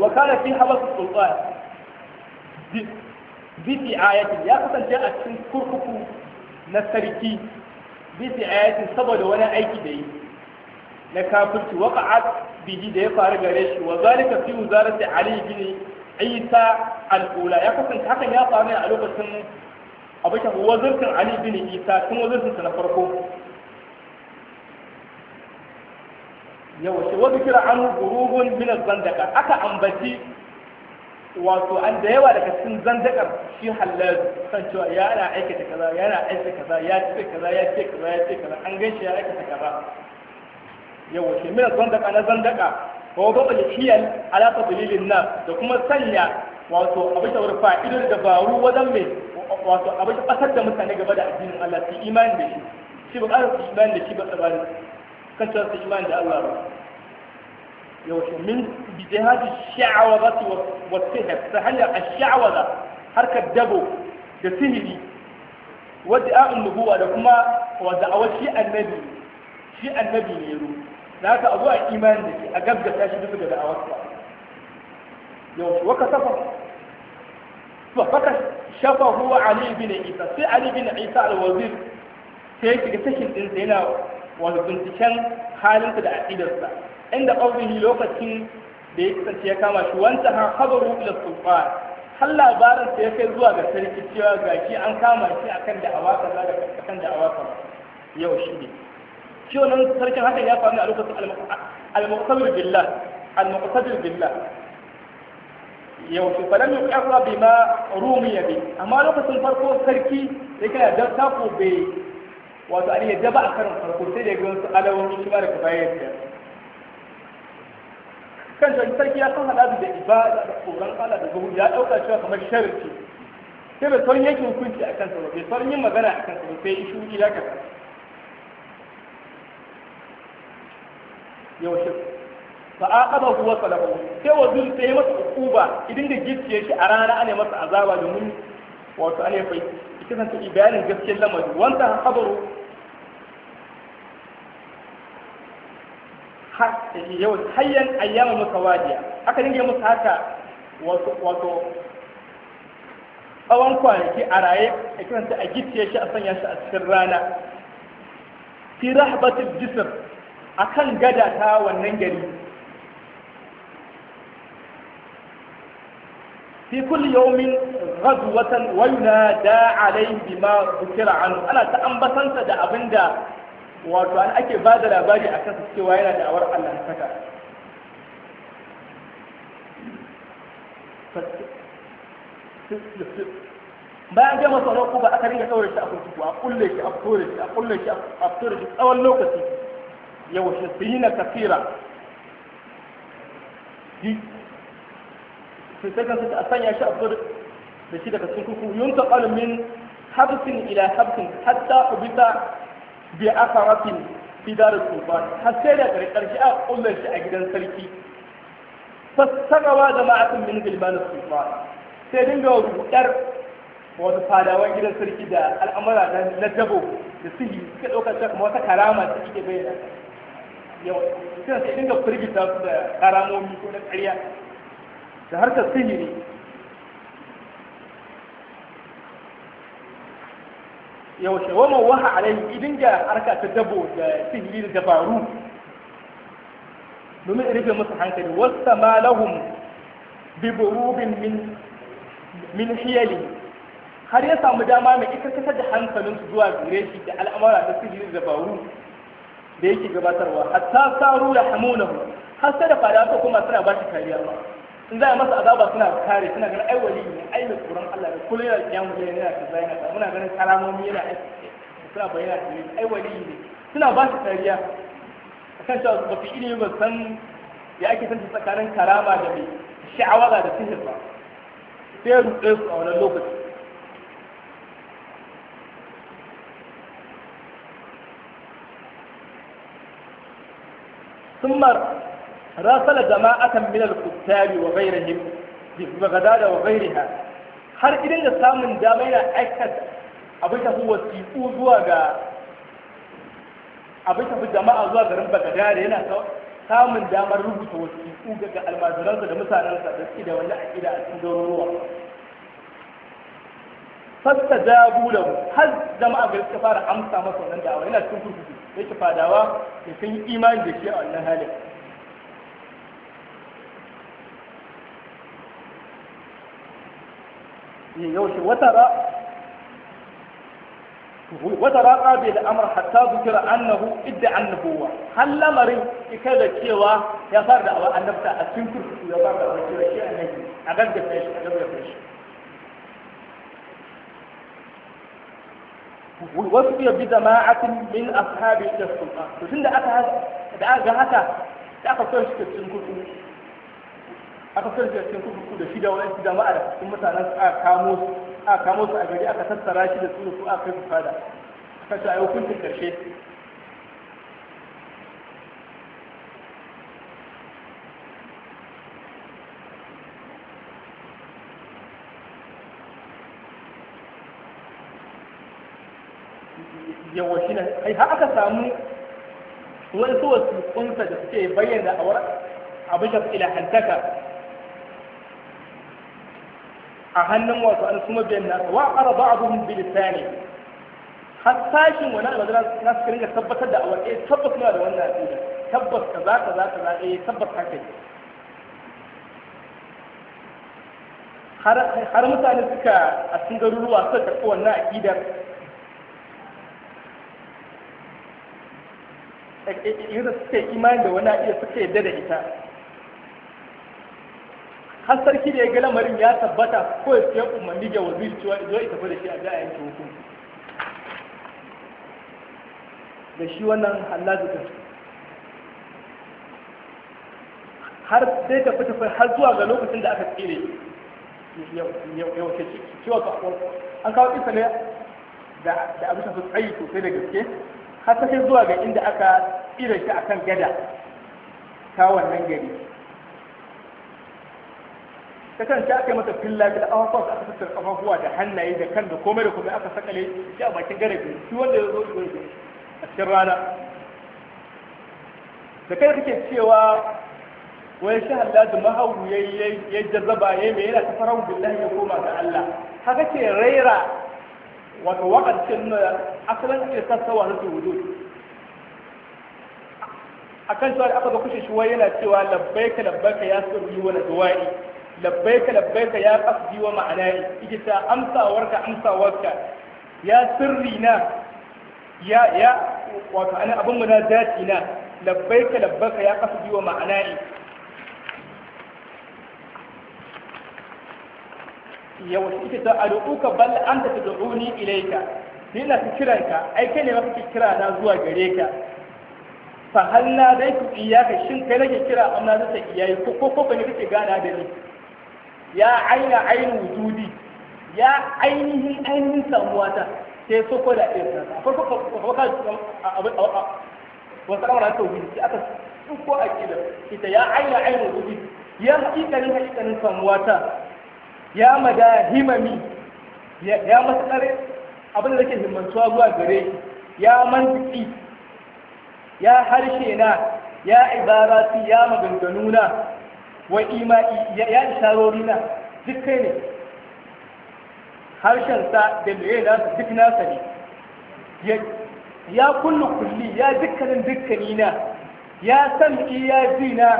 Speaker 2: وكان في حبس السلطان بسعاية يا قتل جاء كركب نسركي بسعاية سبب ولا أي كده na kafirci waqa'at bihi da ya faru gare shi wa zalika fi wuzarati ali bin isa al-ula ya kasance hakan ya faru ne a lokacin abokin wazirtin ali bin isa tun wazirtinsa na farko Yau shi wasu kira an gurubun minas zandaka aka ambaci wato an da yawa daga cikin zandakar shi halal san cewa ya ana aikata kaza ya ana aikata kaza ya ce kaza ya ce kaza ya ce kaza an gaishe ya aikata kaza yawa shi mina zandaka na zandaka ko ga alhiyal alaƙa tadlilin nas da kuma sanya wato abin da wani fa'idar dabaru wajen mai wato abin ƙasar da mutane gaba da addinin Allah su imani da shi shi ba ƙara su imani da shi ba tsabari kan cewa su imani da Allah ba yaushe min bijihati sha'awaza wasu sihir ta hanyar ash-sha'awaza harkar dabo da sihiri wadda a'un nubuwa da kuma a da'awar shi annabi shi annabi ne ya da haka abu a imani da ke a gaggata shi bisa ga da'awarsa yau waka safa to faka shafa huwa ali bin isa sai ali bin isa al-wazir sai ya shiga tashin din sai yana wato binciken halinsa da aqidarsa inda qawlihi lokacin da ya kasance ya kama shi wanta ha khabaru ila sultan har labarin sa ya kai zuwa ga sarki cewa gashi an kama shi akan da'awa kaza da akan da'awa kaza yau shi ne shi wannan sarkin hakan ya faru ne a lokacin al-muqtadir billah al-muqtadir billah yau shi falam yuqarra bima rumiya bi amma lokacin farko sarki sai kana da tako bai wato ali ya daba a karin farko sai da ga wasu alawomi shi ba da bayar da kan da sarki ya san hada da ibada da tsoron Allah da zuhu ya dauka cewa kamar sharri sai bai sauran yankin hukunci akan sa bai sauran yin magana akan sa sai ishu ila kaza yaushe fa aqaba huwa salahu sai wazir sai masa uba idan da gicciye shi a rana ana masa azaba domin wato ana fa ita zan tafi bayanin gaskiyar lamari wanda habaru yau hayyan ayyama mutawadiya aka dinga musu haka wato wato tsawon kwanaki a raye a kiranta a gicciye shi a sanya shi a cikin rana fi rahbatul jisr akan gada ta wannan gari fi kulli yawmin ghadwatan wa yunada alayhi bima dhukira anhu ana ta ambatansa da abinda
Speaker 3: wato an ake ba da labari a kansa cewa yana da awar Allah ta saka
Speaker 2: bayan gama tsaron kuba aka ringa tsawar shi a kurkuku a kulle shi a kore shi a kulle shi a tsawon lokaci yaushe su yi na kafira su saka su a sanya shi a da shi daga cikin kuku yun taɓalu min habsin ila habsin hatta ubita bi akarafin fidar sultan har sai da ƙarshe a ƙullar shi a gidan sarki fassarawa jama'atun min gilman sultan sai dinga rudar wasu fadawan gidan sarki da al'amura na dabo da sihi suka ɗaukar ta kuma wata karama ta ike bayyana yau sai sai dinga firgita su da karamomi ko na ƙarya da harkar sihiri yau shawaman waha alaihi idin ga harka ta dabo da sihiri da dabaru domin rufe musu hankali wasta ma lahum bi burubin min min hiyali har ya samu dama mai ita kasar da hankalinsu zuwa gare shi da al'amura da sihiri da dabaru da yake gabatarwa hatta saru ya Hamuna. har sai da fada ta kuma suna ba shi kariya ba in za a masa azaba suna kare suna ganin ai wali ne ai mai tsoron Allah ne kullum yana kiyan mu yana ta yana da muna ganin kalamomi yana aiki suna bayyana da ai wali ne suna ba shi kariya akan cewa ba fi ilimi ba san ya ake san tsakanin karama da mai sha'awa da sihir ba sai ya su a wannan lokaci ثم راسل جماعة من الكتاب وغيرهم بغداد وغيرها هل إذن السلام من دامين أكد أبيت هو سيئو زواغا أبيت هو جماعة زواغا رمب غدار هنا سلام من دامين ربط هو سيئو غدا المازلان زد مسانا سيدا ولا إلى أسندر روح فاستجابوا له هل جماعة غير كفار أمسا مصر من دامين أكد yake fadawa da sun yi imani da shi a wannan halin Yin yau shi wata raƙa bai da amur hatta zukira annahu idda annabuwa har lamarin ika da cewa ya fara da annabta a cikin kurkuku ya fara da wani kira shi annabi a gaggasa shi a gaggasa shi wasu iya bi jama'atin min ashabi da sulma to tunda aka da aka ga haka da aka son shi cikin kurkuku aka son shi cikin kurkuku da shi da wani jama'a da cikin mutanen aka kamo aka kamo su a gari aka tattara shi da su da su aka kai fada aka ce a hukuncin karshe yawa shi ne ai har aka samu wasu wasiƙunsa da suke bayyana a war abin da ila hantaka a hannun wasu an kuma biyan nasa wa ƙara ba a buhun bilisani har sashin wani almadara na suka ringa tabbatar da awar eh tabbas na da wannan aƙida tabbas ka za ka za ka za eh tabbas haka ne har mutane suka a cikin garuruwa suka karɓi wannan aƙidar yadda suka yi imani da wani iya suka yadda da ita har sarki da ya ga lamarin ya tabbata ko ya siya umarni ga wazir cewa zo ya tafi da shi a ga a yanke hukunci da shi wannan hallazukan har dai tafi tafi har zuwa ga lokacin da aka tsire ya wace cewa an kawo kisa ne da abin tafi tsayi sosai da gaske har ta kai zuwa ga inda aka tsira shi akan gada ta wannan gari ta kan ta aka mata filla da awafa aka fitar kafafuwa da hannaye da kan da komai da komai aka sakale shi a bakin garabi shi wanda ya zo shi a cikin rana da kai kake cewa wai shi halladu mahawu ya jazzaba ya yi mai yana ta farau billahi ya koma ga Allah haka ce raira wato waƙar cikin nuna eh, asalin ake sassawa na su wujud a kan cewa da aka ga kushe shi yana cewa labbaika labbaika ya sirri wa najwa'i labbaika labbaika ya qasdi wa ma'anai igita amsawarka amsawarka ya sirri na ya ya wato ana abin mu na dati na labbaika labbaika ya qasdi wa ma'anai ya wata ita ta ad'uka bal anta tad'uni ilayka ni na ta kiranka ai kai ne ma kira na zuwa gare ka fa hal ku iya ka shin kai nake kira amma na zata iya ko ko ko ne kake gana da ni ya aina ainihin wujudi ya ainihin ainihin samuwata sai so ko da irin sa farko wasu kamar aka wuce sai aka tsuko a kida ita ya aina ainihin wujudi ya hakikanin hakikanin samuwata ya mada himami ya matsare abin da ke himmantuwa zuwa gare ya mantiki ya harshe na ya ibarati ya maganganu na wa ima'i ya isharori na duk kai ne harshensa da mai nasa duk nasa ne ya kullu kulli ya dukkanin dukkanina ya san iya jina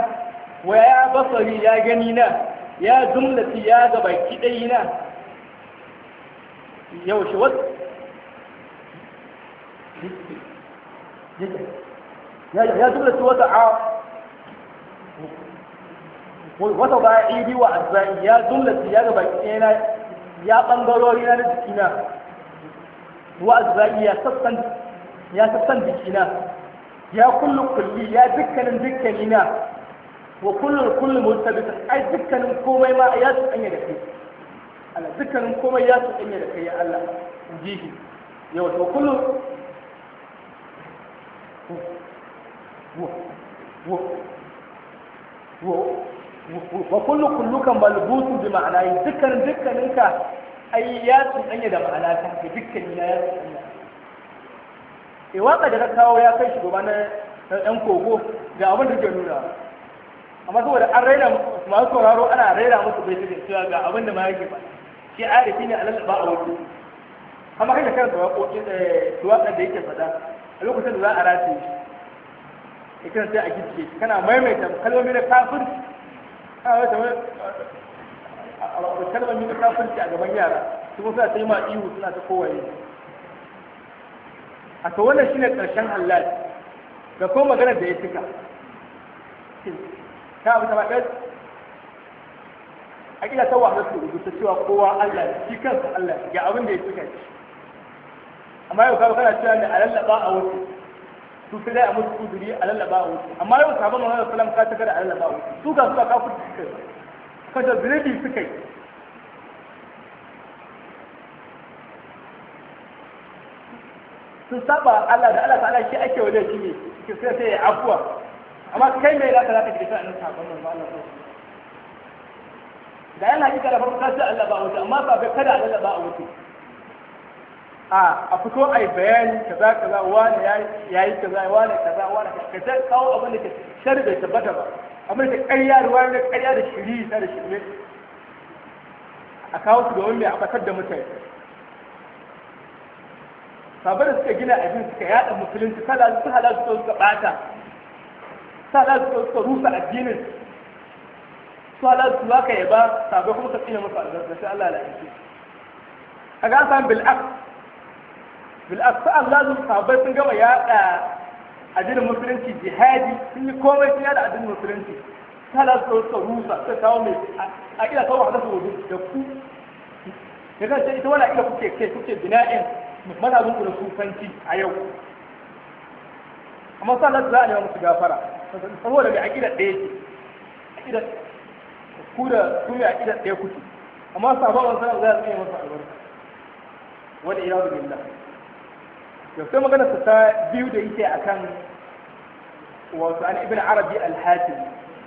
Speaker 2: wa ya basari ya gani na ya jumlati ya ga baki na wasu ya jumlati wata a wata ba wa ya jumlati ya na ya ɓangarori na da jikina wa azza'i sassan ya sassan jikina ya kullu kulli ya dukkanin dukkanina wa kullum kullum mustabita ai dukkanin komai ma ya su tsanya da kai ala dukkanin komai ya su tsanya da kai ya Allah jihi yau to kullum wo wo wo wa kullu kullukan balbutu bi ma'ana dukkanin dukkanin ka ai ya su tsanya da ma'ana ta dukkanin ya tsanya e eh, waka da ka kawo ya kai shi na ɗan koko ga abin da ke nuna amma saboda an raina masu sauraro ana raina musu bai su cewa ga abin da ma yake ba shi arifi ne a lallaba a wani amma kai da kan tuwaƙar da yake faɗa a lokacin da za a race shi kira sai a gicce kana maimaita kalmomi na kafirci kana wata wani kalmomi na kafirci a gaban yara su kuma ta yi ma ihu suna ta kowaye a to wannan shine ƙarshen halal ga ko maganar da ya cika ta abu ta baɗar a ƙila ta wahala su rubuta cewa kowa Allah ne shi kansa Allah ne ga abin da ya suka ci amma yau kawo kana cewa ne a lallaba a wasu su sai dai a musu kuduri a lallaba a wasu amma yau sabon wani salam ka ta kada a lallaba a wasu su ka suka kafu suka yi kashe zunubi suka yi sun saba Allah da Allah ta'ala shi ake wa laifi ne sai ta ya afuwa amma kai mai ta zaka ji sanin sakon manzo Allah ko da yana kika da farko kasu Allah ba wuce amma ba kada Allah ba wuce a a fito ai bayani kaza kaza wani yayi kaza wani kaza wani ka ta kawo abin da ke shar bai tabbata ba amma da ke ƙarya da wani ƙarya da shiri ta da shirme a kawo su domin mai abatar da mutane sabar da suka gina abin suka yada musulunci kada su halal su suka bata sa da su suka rusa addinin su ala su haka ya ba sabai kuma ka tsina musu albarka sai Allah ya lalace a ga san bil'ak bil'ak sa Allah su sabai sun gama yaɗa addinin musulunci jihadi sun yi komai sun yaɗa addinin musulunci sa da su suka rusa suka kawo mai a ila kawo hadasa wajen da ku ya kasance ita wani a ila kuke kai kuke bina'in mazabinku da sufanci a yau amma su za a nema musu gafara saboda da aƙidar ɗaya ce aƙidar ku da ku da aƙidar ɗaya kuke amma sabon wasu za a tsaye masa albarka wani ina da billah yau sai magana ta biyu da yake akan wasu an ibin arabi al-hatim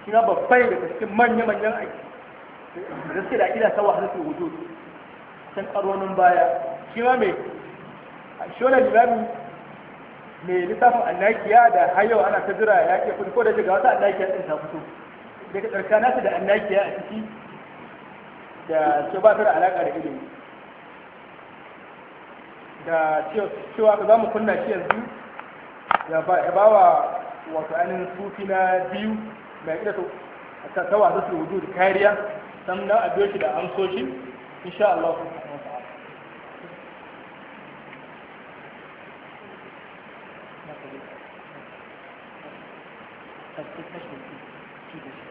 Speaker 2: shi na babbai da cikin manya-manyan aiki da suke da aƙida ta wahalatul a can karonin baya shi ma mai shi wani limamin me littafin annakiya da har yau ana ta jira ya ke fito ko da ga wata annakiya din ta fito daga tsarkana su da annakiya a ciki da ce ba da alaka da ilimi da cewa ka za mu kunna shi yanzu ya ba wa wasu ainihin sufi na biyu mai ita ta wasa su wujudu kariya sannan a biyo shi da amsoshi
Speaker 1: insha Allah
Speaker 3: karɓi kashin su da shi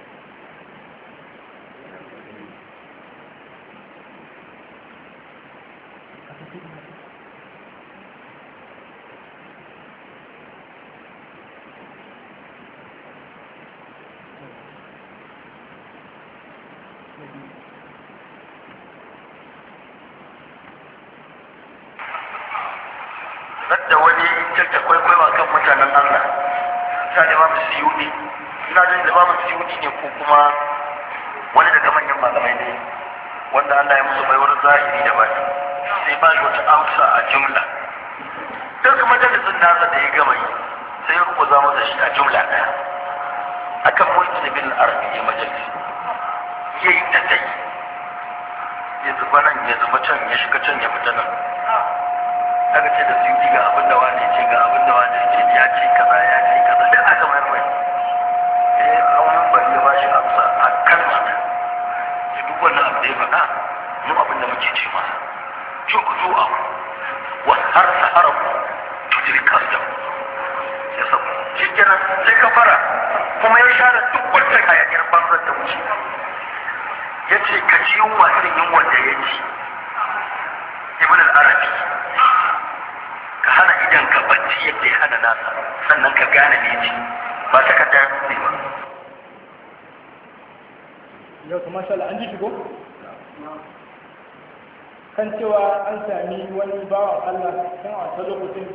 Speaker 2: ta lokacin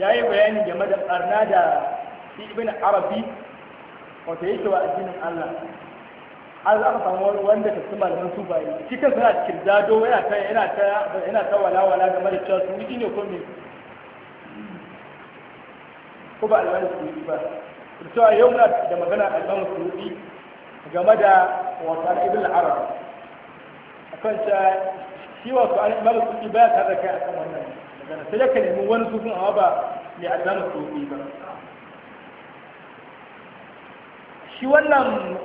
Speaker 2: ya yi bayani game da barna da ibn arabi wato yake wa addinin allah an aka samu wanda ta suma malaman su bayi shi kan suna cikin dado yana ta yana ta yana ta walawala game da cewa su ne ko me ko ba alwani su ba da cewa yau na da magana alwani su yi game da wata ibn arabi akan cewa shi wasu al'ibin su baya tare da kai kan wannan magana sai dai ka nemi wani sufin amma ba mai albanin sufi ba shi wannan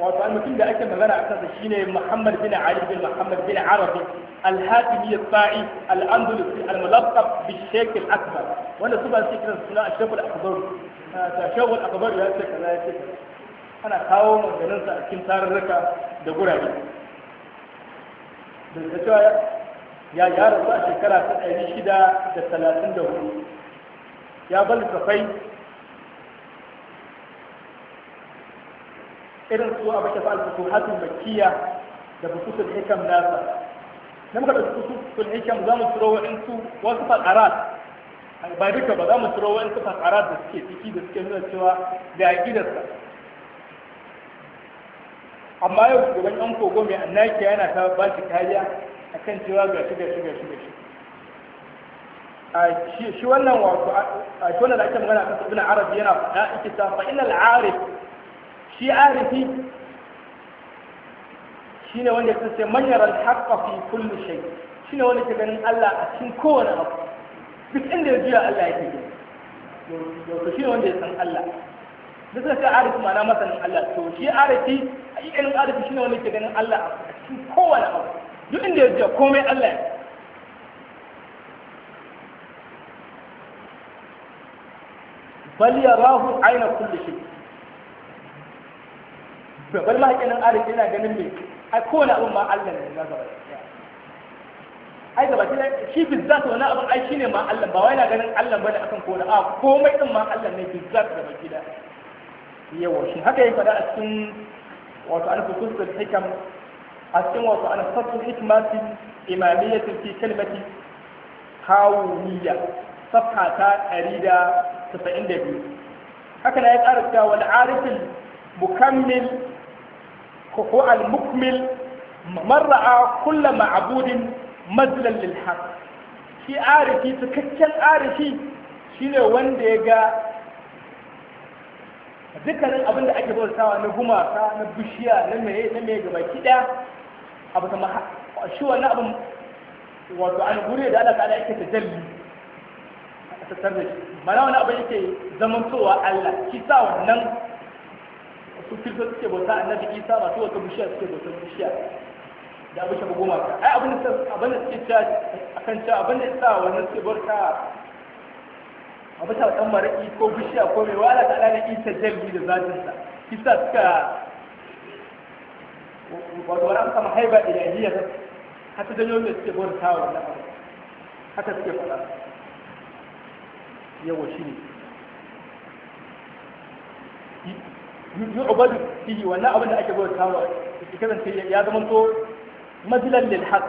Speaker 2: wato mutum da ake magana a kansa ne Muhammad bin Ali bin Muhammad bin Arabi al-Hatimi al-Sa'i al-Andalusi al-Mulaqqab bi Sheikh akbar wanda su ba su kira suna a al-Akbar ah, ta Sheikh akbar ya ce kaza ya ce ana kawo maganar sa a cikin tarurruka da gurabe da cewa ya ya rasu a shekara ta ɗari shida da talatin da hudu ya bar littafai irin su a bashar alfuku hatin bakiya da bukutul hikam nasa na muka da bukutul hikam za mu turo wa'insu wasu fakarat ba duka ba za mu turo wa'insu fakarat da suke ciki da suke nuna cewa da aƙidarsa amma yau shugaban yan kogo mai annaki yana ta ba shi kariya a kan cewa ga shi ga shi ga shi ga shi a shi wannan wato a shi wannan da ake magana a kan ibn arabi yana da ake ta fa inal arif shi arifi shine wanda ya kasance manyar al-haqqa fi kulli shay shine wanda ke ganin Allah a cikin kowane abu duk inda ya juya Allah yake gani to shine wanda ya san Allah duk da sai arifi ma'ana masanin Allah to shi arifi a yi ilimin arifi shine wanda ke ganin Allah a cikin kowane abu duk inda ya komai Allah ya bal yarahu aina kulli shi, to bal hakinin ariki yana ganin me ai kowane abin ma Allah ne za gaba ai gaba ɗaya shi su wani abin ai shine ma Allah ba wai na ganin Allah bane akan kowane a komai din ma Allah ne bizzat gaba ɗaya yawa shi haka ya fada a cikin wato an fusul hikam a cikin wasu an fatul hikmati imamiyyatin fi kalmati hawuniya safha ta 192 haka na ya ƙara cewa wal arifil mukammil ko al mukmil marra'a kullu ma'budin mazlan lil haqq shi arifi cikakken arifi shine wanda ya ga dukkanin abin da ake bautawa na gumaka na bishiya na meye gaba kida abu sama shi wannan abin wato an gure da Allah ta'ala yake tajalli a tattar da shi mana wani abin yake zamantowa Allah shi sa wannan su kirso suke bauta annabi isa masu wata bishiya suke bautar bishiya da abin shafi goma ai abin da suke cewa kan cewa abin da sa wannan suke bauta abin ta ɗan maraki ko bishiya ko mai wala ta'ala ne isa jalli da zatinsa kisa suka wato wani aka samu haiba ilahiyya har ta janyo da yau suke bauta tawa wannan abu haka suke faɗa yawa shi ne yi ubadu fihi wannan abin da ake bauta tawa ya kasance ya zama to mazilan lil haq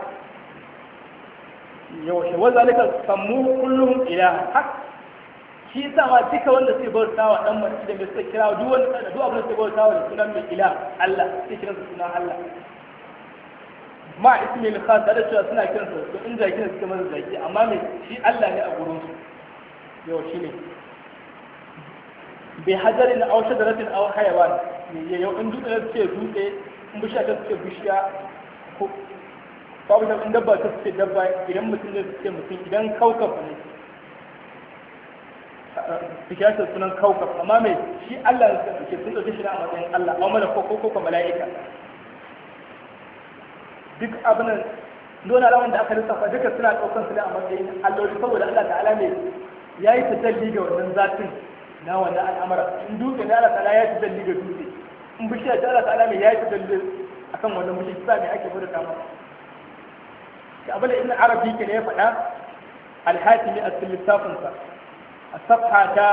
Speaker 2: yawa shi wa zalika sammu kullum ila haq shi yasa ma duka wanda sai bauta wa dan mace da mai kira duk wanda duk abin sai bauta wa sunan mai ila Allah sai kiran su sunan Allah ma ismil khas da cewa suna kiran su to in jaki suka masa jaki, amma mai shi Allah ne a gurin su yau shi shine bi hajarin aw shajaratin aw hayawan yau in da suke dutse in bishiya ta ce bishiya ko babu da dabba ta ce dabba idan mutum ne suke mutum idan kaukab ne fikiyarsa sunan kaukab amma mai shi Allah ke sun ɗauke shi na a matsayin Allah a mana ko ko mala'ika duk abinan nuna rawan da aka lissafa duka suna ɗaukan su ne a matsayin alloli saboda Allah ta'ala mai ya yi tajalli ga wannan zafin na wannan al'amara in dutse da Allah ta'ala ya yi tajalli ga dutse in bishiya da Allah ta'ala ne ya yi tajalli akan wannan bishiya sa ne ake gudu kama ka abin da ibn arabi ke ne ya faɗa alhatimi a cikin lissafinsa a safha ta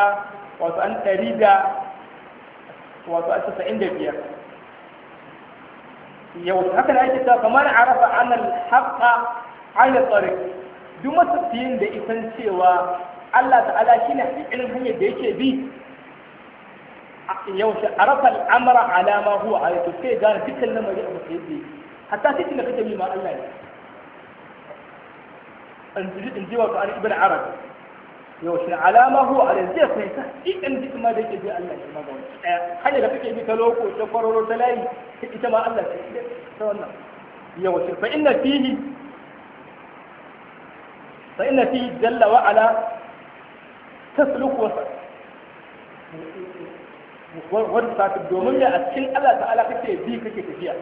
Speaker 2: wato an ɗari da wato a casa'in da biyar yau haka da ake cewa kamar arafa anal haƙa ala tsari duk masafiyin da isan cewa Allah ta'ala shine hakikalin hanyar da yake bi yau shi arafa al'amara alama huwa a yato sai gane dukkan lamari a masu yadda hatta sai tunda kake bi ma Allah ne in ji wato an ibn arabi yaushe alama hu a yanzu ya sai hakikan duk ma da yake bi Allah shi maga wani ɗaya? hanyar da kake bi ta loko ta kwararo ta layi ita ma Allah ce ta wannan yaushe fa inna fihi fa inna fihi jalla wa ala tasluku wa wani sati domin da a cikin Allah ta'ala kake bi kake tafiya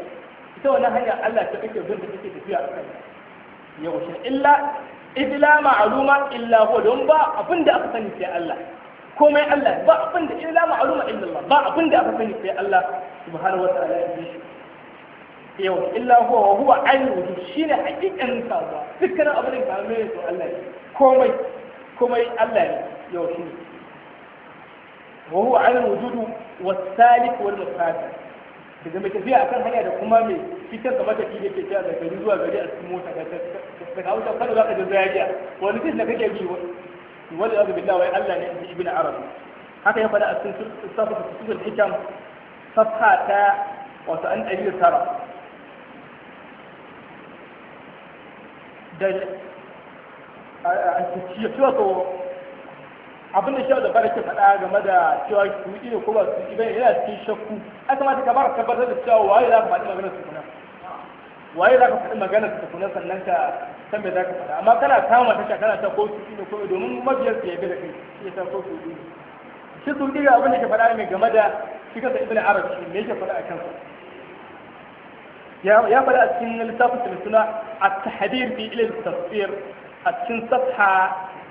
Speaker 2: ita wannan hanya Allah ta kake bin da kake tafiya a kai yaushe illa idla ma'aluma illa huwa don ba abin da aka sani sai Allah komai Allah ba abin da idla ma'aluma illa Allah ba abin da aka sani sai Allah subhanahu wa ta'ala ya yi yau illa huwa wa huwa ainihu shine hakikan sabuwa dukkan abin da ka mai to Allah ne komai komai Allah ne yau shine wa huwa ainihu wujudu was salik wal mustaqim daga zama tafiya akan hanya da kuma mai fitar da matafi da ke tafiya da gari zuwa gari a cikin mota ka kawo ta kada za ka je zayaja wani tis da kake bi wani azu billahi wai Allah ne ji ibn arab haka ya faɗa a cikin safa cikin hikam safha ta wasu an ɗari tara da a cikin abin da shi da fara ke faɗa game da cewa su yi da kuma su yi bai yana cikin shakku a kamata ka fara tabbatar da cewa waye za ka faɗi maganar su kuna waye za ka faɗi maganar su kuna sannan ka san me za ka faɗa amma kana kama ta tasha kana ta ko su yi da kuma domin mabiyar su yabe da kai shi ta ko su yi shi su yi abin da ke faɗa ne game da shi kansa ibn arab shi me yake faɗa a kansa ya faɗa a cikin littafin suna a tahadir fi ilil tafsir a cikin safha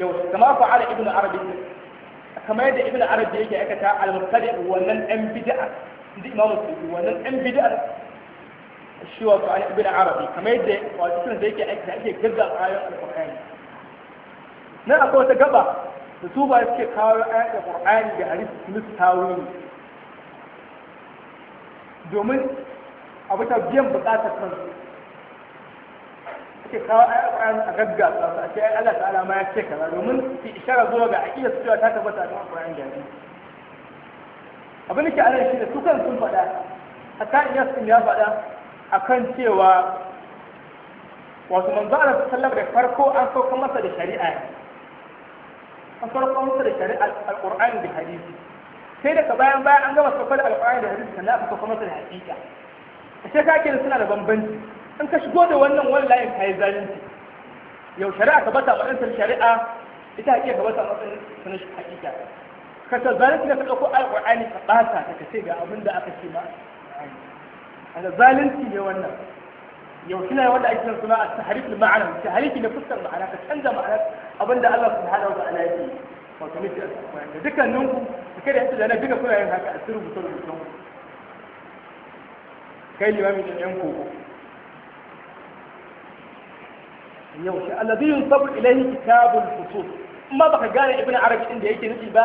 Speaker 2: yau kama fa'ala ibnu arabi kamar yadda ibnu arabi yake aikata al-mubtadi wannan ɗan bid'a inda imamu sufi wannan ɗan bid'a shi wa an ibnu arabi kamar yadda wato sun da yake aikata yake gaza ayoyin al-qur'ani Na akwai wata gaba da su ba suke kawo ayat al-qur'ani da hadith sun tawili domin abuta biyan bukatar kansu suke kawo ayar Qur'ani a gaggasa su a ce Allah ta'ala ma ya ce kaza domin su ishara zuwa ga aqida su cewa ta tabbata cikin Qur'ani da hadisi abin da ke anan shi da sukan sun faɗa hatta Iyas din ya faɗa akan cewa wato manzo Allah sallallahu da farko an sauka masa da shari'a an sauka masa da shari'a al-Qur'ani da hadisi sai daga bayan bayan an gama sauka da al-Qur'ani da hadisi sannan aka sauka masa da hakika sai kake suna da bambanci in ka shigo da wannan wallahi ka yi zalunci yau shari'a ka bata matsayin shari'a ita hakika ka bata matsayin sunan hakika ka ta zalunci ka ɗauko alƙur'ani ka ɓata ta ka ce ga abin da aka ce ma a zalunci ne wannan yau kina wanda ake son suna a tahrifin ma'ana tahriki na fuskar ma'ana ka canza ma'ana abinda Allah subhanahu wa ta'ala yake wato miki a cikin dukkanin ku kike da yadda da nan duka kuna yin haka a sirru rubutu rubutun kai limamin da yan koko yaushe alladhi yunsabu ilayhi kitabul fusus amma baka gane ibnu arabi din da yake nufi ba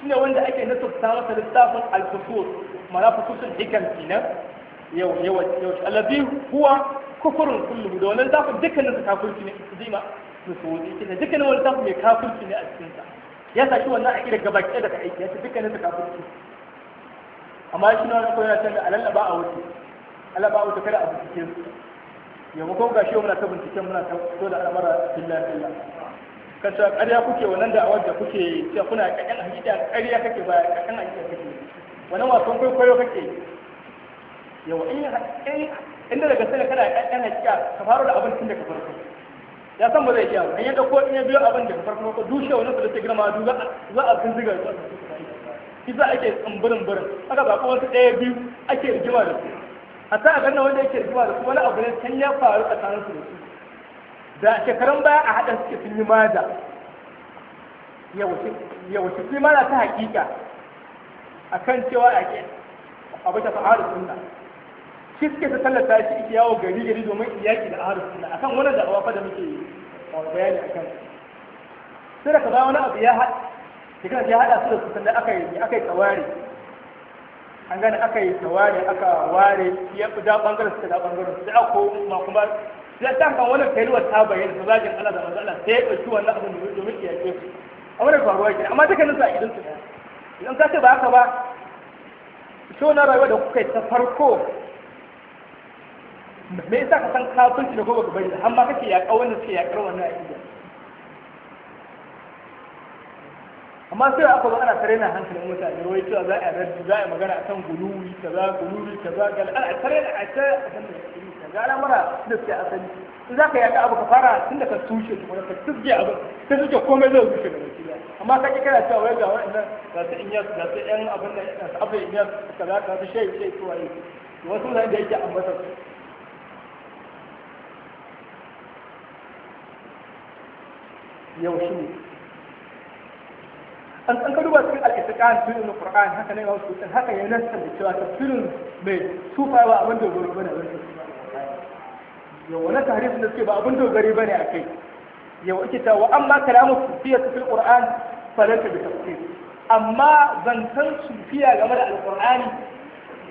Speaker 2: shine wanda ake nasabta masa littafin al-fusus mana fususun hikam kenan yau yau yaushe alladhi huwa kufurun kullu da wannan tafin dukkanin sa kafirci ne zima su kina dukkanin wannan tafin mai kafirci ne a cikin sa ya saki wannan a kira gaba da daga aiki ya ce dukkanin sa kafirci amma shi ne wannan koyar da alalla ba a wuce alalla ba a wuce kada a bincike su yamakon gashi muna ta binciken muna ta so da al'amara filla filla kasa ƙarya kuke wannan da awar da kuke cewa kuna kakan hakika ƙarya kake ba kakan hakika kake wannan wasan kwaikwayo kake yau in inda daga sai kana kakan hakika ka faro da abin tun daga farko ya san ba zai iya ba in ya dauko in ya biyo abin daga farko ko dushe wannan da take girma du za a da su Ki za ake tsambirin birin haka ba kuma wasu ɗaya biyu ake rigima da su a sa a ganin wanda yake zuwa da wani abu ne can ya faru tsakanin su da su da shekarun baya a haɗa suke sun yi maza ya wuce su mana ta hakika a kan cewa a ke abu ta fa'ar sunna shi suke ta tallata shi ike yawo gari gari domin iyaki da ahar sunna akan wannan da awafa da muke a bayani akan sai da ka ba wani abu ya haɗa ya haɗa su da su sannan aka yi aka yi tsawari an gane aka yi taware aka ware ya fi da bangaren suka da bangaren sai a ko ma kuma sai ta kan wannan tayarwar ta bayyana ta zagin Allah da manzo Allah sai ya dauki wannan abin da domin ya ke a wani faruwa ke amma dukkan su a idan su idan ka ce ba haka ba so na rayuwa da kuka yi ta farko me yasa ka san kafin da gobe ka bari da ma kake yaƙa wanda suke yaƙar na aƙida amma sai aka zo ana tare na hankalin mutane wai cewa za a raddi za a magana a kan guluwi za guluwi kaza ga a tare da a ta kaza al'amura da suke asali in za ka yaka abu ka fara tun da ka tushe su ka tusge abu ka tusge komai zai rushe da wakiliya amma ka ki kana cewa wai ga wa'annan ga su inyas ga su yan abin da ya su abin ka za ka su shai shai su waye wasu mutane da yake ambata su yau shi ne an ka duba cikin al-istiqan filin qur'an haka ne wasu sun haka ya nasta da cewa tafsirin mai sufa ba abin dogaro bane wani yau wani tahrifin da suke ba abin dogari bane a kai yau ake ta wa amma kalamu sufiya al qur'an falaka bi tafsir amma zantan sufiya game da al-qur'ani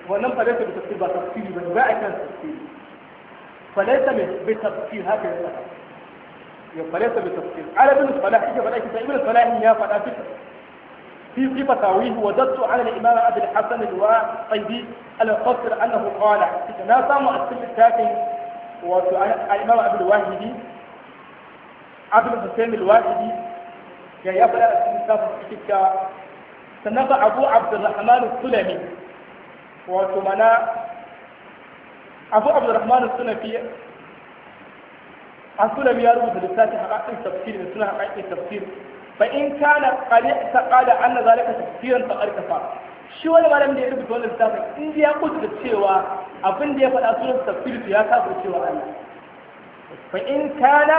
Speaker 2: wannan falaka bi tafsir ba tafsiri bane ba a kan tafsiri falaka bi tafsir haka ya falaita bi tafsir ala bin salah ita falaita ibn salah ya fada fi في في فتاويه وجدت على الإمام أبي الحسن على القصر أنه قال إذا سام أسلم الكافي الإمام أبي الواهدي أبي الحسين الواهدي يا يبلغ أسلم الكافي سنضع أبو عبد الرحمن السلمي وتمنى أبو عبد الرحمن السلمي السلمي يروي رسالة حقائق التفسير من سنة حقائق التفسير فإن كان قد اعتقد أن ذلك تفسيرا فقد كفر shi wani malam da ya rubuta wannan littafin in ya kuta cewa abin da ya faɗa sunan tafsir ya kafa cewa Allah fa in kana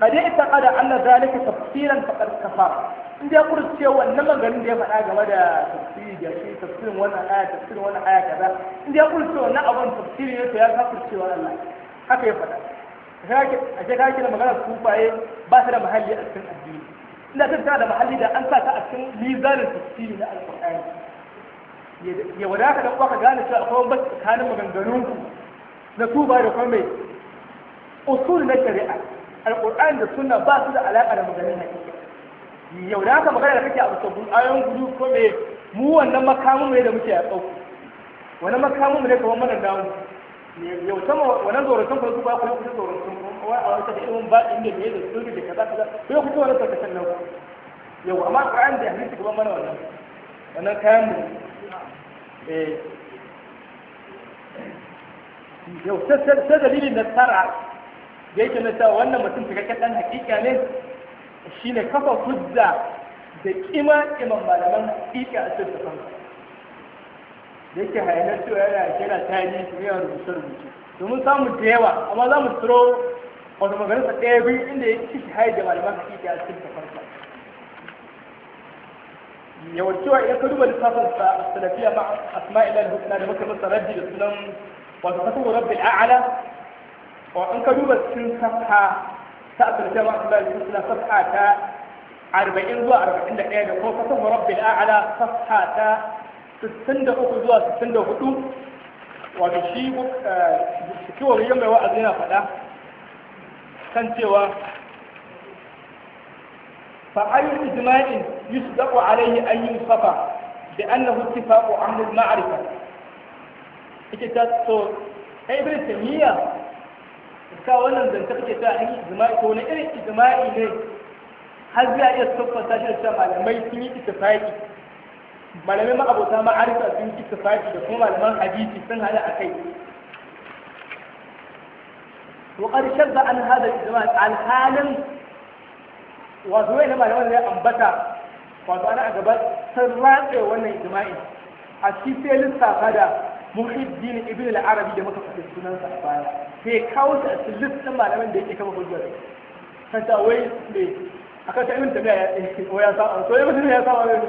Speaker 2: qad i'taqada anna zalika tafsiran faqad kafara in ya kuta cewa wannan maganin da ya faɗa game da tafsiri da shi tafsirin wannan aya tafsirin wannan ya kuta cewa wannan abin tafsiri ne Allah haka ya faɗa a ce kake da magana kufaye ba ta da mahalli a cikin addini ina ta da mahalli da an sa ta a cikin mizanin tafsiri na alƙur'ani ya wadata da kuwa ka gane cewa akwai wani tsakanin maganganun ku na tuba da kuma mai usul na shari'a alƙur'ani da sunna ba su da alaƙa da maganin hakika yau da haka magana da kake a sabbin ayon gudu ko me mu wannan makamu ne da muke a tsauku wannan makamu ne kamar mana damu yau sama wannan tsoron kuma ba ku yi kusa tsoron kuma a wata da ilimin ba inda ne da sun da kaza kaza ku yi kusa wannan tarkacen nan yau amma ƙar'an da hadisi gaban mana wannan wannan kayan mu yau sai dalilin na tsara da yake na cewa wannan mutum cikakken ɗan hakika ne shine kafa hujja da kima kiman malaman hakika a cikin da yake hayanar cewa yana yana tarihi su yana rubuce rubuce domin samun da yawa amma za mu tsiro wata maganarsa ɗaya biyu inda ya ci shi haida malaman hakiki a cikin tafarsa yawancewa idan ka duba littafin sa salafiya ma asma'ila da hukuna da muka masa raddi da sunan wato fasahu rabbil a'ala wa in ka duba cikin safha ta asalafiya ma asma'ila da hukuna safha ta arba'in zuwa arba'in da ɗaya da kuma fasahu rabbil a'ala safha ta 63 zuwa 64 wato shi eh, kiwon yin mai wa'azi yana faɗa kan cewa fa'ayin ijma'in yusdaqu alayhi an yusafa bi annahu ittifaqu ahli al-ma'rifa ita ta so ibn taymiya ka wannan zanta ke ta an ijma'i ko ne irin ijma'i ne har zai iya tabbata shi da malamai sun yi ita ittifaqi malamai ma'abota ma'arisa sun ci tafaji da kuma malaman hadisi sun hada a kai to an hada ijma alhalin wato wai na malaman da ya ambata wato ana a sun ratsa wannan ijma'i a cikin safa da muhiddin ibn al da muka fada sunan sa a baya sai kawo ta a listin malaman da ya tsaye ko oh, ya tsaye ko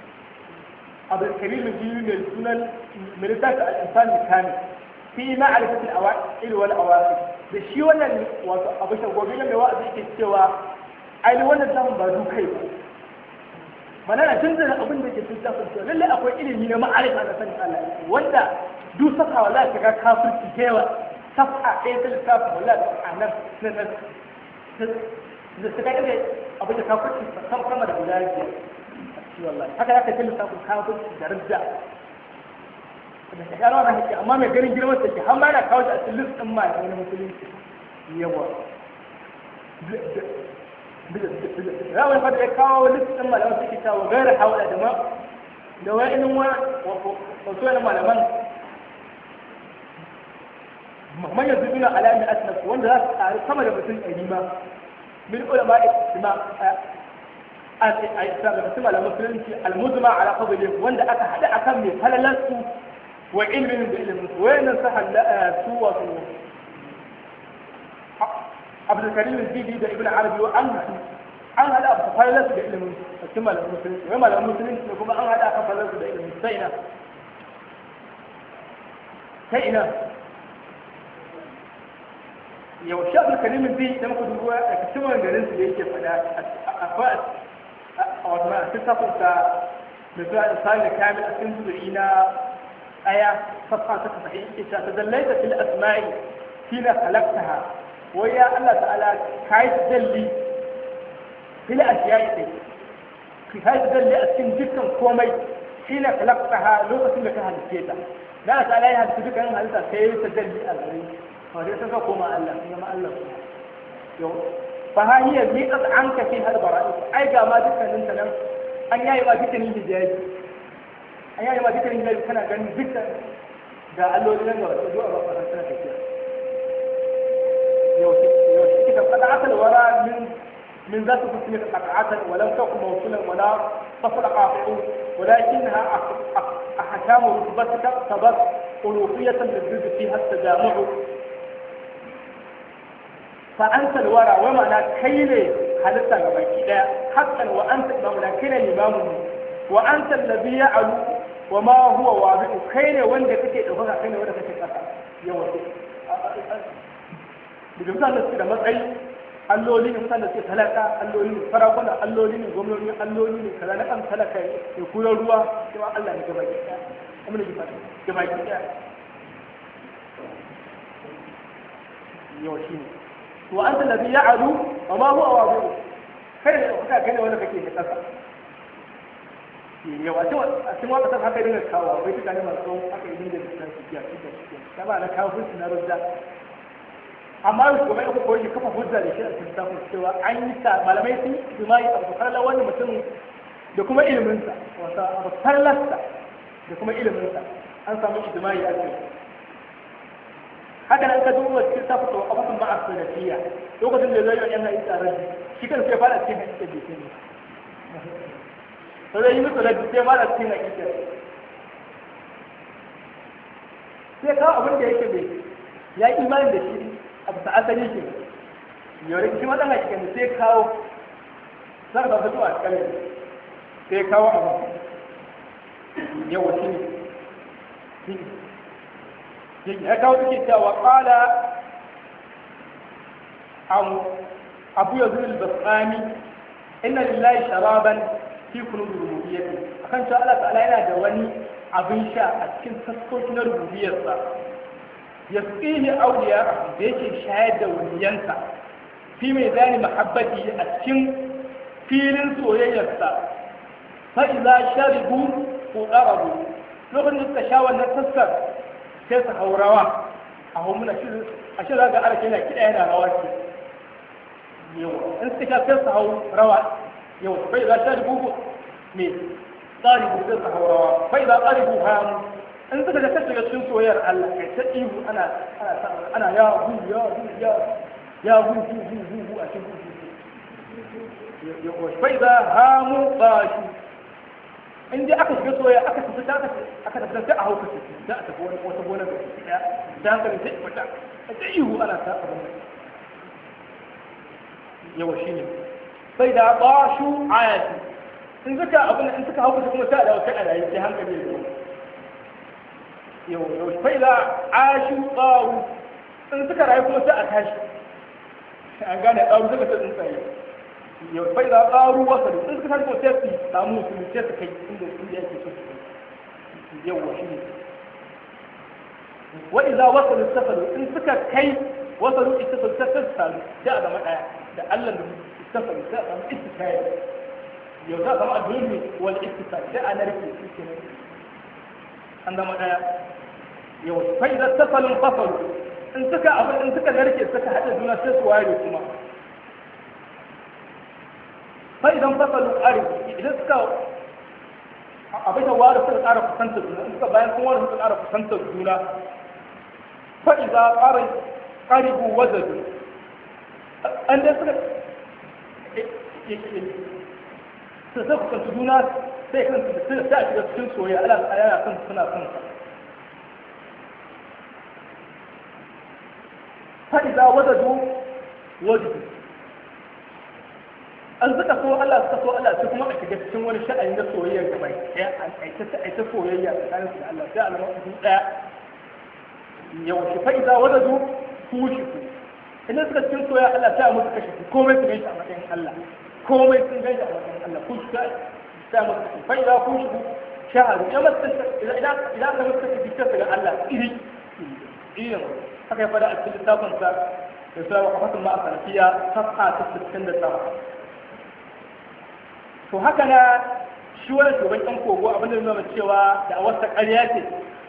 Speaker 2: abdulkarim biyu mai sunan militanta al'insan kani fi na ma'arifatul awaqil wal awaqil da shi wannan wato abu shagobi na mai wa'azi yake cewa ai wannan zamu ba du kai ba mana na canza da abin da ke cikin sun cewa lallai akwai ilimi na ma'arifa na sanin Allah wanda du sakawa za ka ga kafirci da safa ɗaya ta lissafi wala da anan na nan da su ka abin da kafirci sama da guda biyar shi wallahi haka ya kai tallata ku kawo ku da rubda
Speaker 3: da ta yaro na hake amma mai ganin
Speaker 2: girman sa ke har ma yana kawo da asilis din ma ya wani musulunci yawa rawar fata ya kawo listin malaman suke cewa gairar haula da ma da wa'inin wa wasu yana malaman man yanzu duna alamin asnaf wanda za su karu sama da mutum ɗari ma min ulama ijtima mutum ala musulunci almuzma ala fadli wanda aka hada akan mai halalansu wa ilmin da ilmin su wayannan su halala su wato abdul karim al-jidi da ibn arabi wa an an hada abu halalansu da ilmin su cikin malamin musulunci wai malamin musulunci kuma an hada akan halalansu da ilmin sai ina sai ina yaushe abdul karim al-jidi da muka duba a cikin garin su da yake fada a wato a cikin tafinta da zuwa isali kamil a cikin zuri na ɗaya fasfa ta kafa ita ta zallai da fil asma'i fina halaktaha wai ya Allah ta'ala kai dalli fil asiyai ɗin ki kai dalli a cikin dukkan komai fina halaktaha lokacin da ka halice ta da Allah ta'ala ya halice dukkan halitta sai ta dalli a gare ka wato sai ka koma Allah kuma Allah yau فها هي ميقت عنك هذا البرائد أي ما ذكر أنت لم أن يأي ما ذكر الجاج أن يأي ما ذكر الجاج كان كان ذكر da allolin nan da zuwa ba fara sana ta kira yau yau kika fada akal من ذات تسمية قطعة ولم تكن موصولا ولا تصل قاطعون ولكنها أحكام رتبتك تبث ألوفية للجزء فيها التجامع fa anta alwara wa ma'ana kai ne halitta ga baki daya haqqan wa anta imamuna kai ne limamu wa anta alladhi ya'lu wa ma huwa wabi'u kai ne wanda kake dauka kai ne wanda kake kasa yawa daga misalin suke da matsayi alloli ne da suke talaka alloli ne farakuna alloli ne gwamnoni alloli ne kaza na kan talaka ya kuran ruwa cewa Allah ne gabaki gida kuma ne gaba gida yawa shi ne wa anta ya ya'lu ba ma huwa wabi kai ne kuka kai ne wanda kake da kasa wato a cikin wata haka haka dinga kawo bai tuka ne masu haka yi dinga da su kiya su kiya ta ba na kawo hujji na rudda amma su kuma kuka yi kafa hujja da shi a cikin tafin cewa an yi ta malamai sun yi jima'i a bukar wani mutum da kuma iliminsa wata a bukar da kuma iliminsa an samu jima'i a cikin haka nan ka duba cikin safa to abubuwan ba a sanadiyya lokacin da zai yi yana yin da shi kan sai fara cikin hakikar da ke ne sai yi musu rabbi sai fara cikin hakikar sai kawo abin da yake bai ya yi imanin da shi a bisa asali ke yau shi matsala ke sai kawo zan ba fito a kalin sai kawo abu yawa wasu ne ya kawo take cewa qala abu ya al-basami inna lillahi sharaban fi kunuz rububiyyati akan cewa Allah ta'ala yana da wani abin sha a cikin taskoki na rububiyarsa tsini awliya da yake shayar da waliyansa fi mai zani mahabbati a cikin filin soyayyarsa fa idza ko qarabu lokacin da suka sha wannan taskar sai su haurawa a homuna a shi zaga arake yana kiɗa yana rawa ke yawa in suka sha sai su hau rawa yawa bai za sha dubu me tsari bu sai su hau rawa bai za tsari bu hamu in suka sha sai su ga cikin soyayyar Allah kai ta ihu ana ana ya hu ya hu ya ya hu hu hu hu a cikin
Speaker 1: hu hu bai za
Speaker 2: hamu ba shi in dai aka shiga soyayya aka tafi ta aka tafi ta a hauka ce za a tafi wani wata gona da shi daya da hankali zai fita a ta ihu ana ta abin da yawa shi ne sai da ba shu ayati in suka abin in suka hauka kuma ta da wata adayi sai hankali ya yau yau sai da ashu qawu in suka rayu kuma sai a tashi an gane qawu suka ta tsuntsaye ya bai da ƙaru wasa da sun kasar ko sai su samu su sai su kai inda inda yake so su yawa shi ne wa idza wasalu tasalu in suka kai wasalu ittasalu tasalu da a zama daya da Allah da tasalu sai a samu ittisai yau za a zama adulmi wal ittisai sai a narke shi kenan an zama daya yau fa idza tasalu fasalu in suka abin in suka narke suka hada juna sai su ware kuma sai idan fasalin arziki idan suka abin da wari suka ƙara kusantar juna suka bayan kuma wari suka ƙara kusantar juna fa iza ƙarin ƙaribu wajadu an dai suka e, e, e, su suka kusanci juna sai kan su suna sa shiga cikin soyayya ala yana kan suna kan sa fa iza wajadu wajadu an suka so Allah suka so Allah sai kuma a shiga cikin wani sha'ani na soyayya ga bai ɗaya an aikata aita soyayya tsakanin su da Allah sai Allah su ɗaya yawanci fa idza wadadu kushiku idan suka cikin soyayya Allah sai musu kashe komai su gaishe a matsayin Allah komai sun gaishe a matsayin Allah kushiku sai musu kashe fa idza kushiku shahadu ya masta idan idan ka musu kashe dukkan daga Allah iri iri haka ya fada a cikin littafin sa da sura wa qafatul ma'a salafiya safha ta 67 to haka na shi wani shugaban yan kogo abinda zai zama cewa da a wata ƙarya ce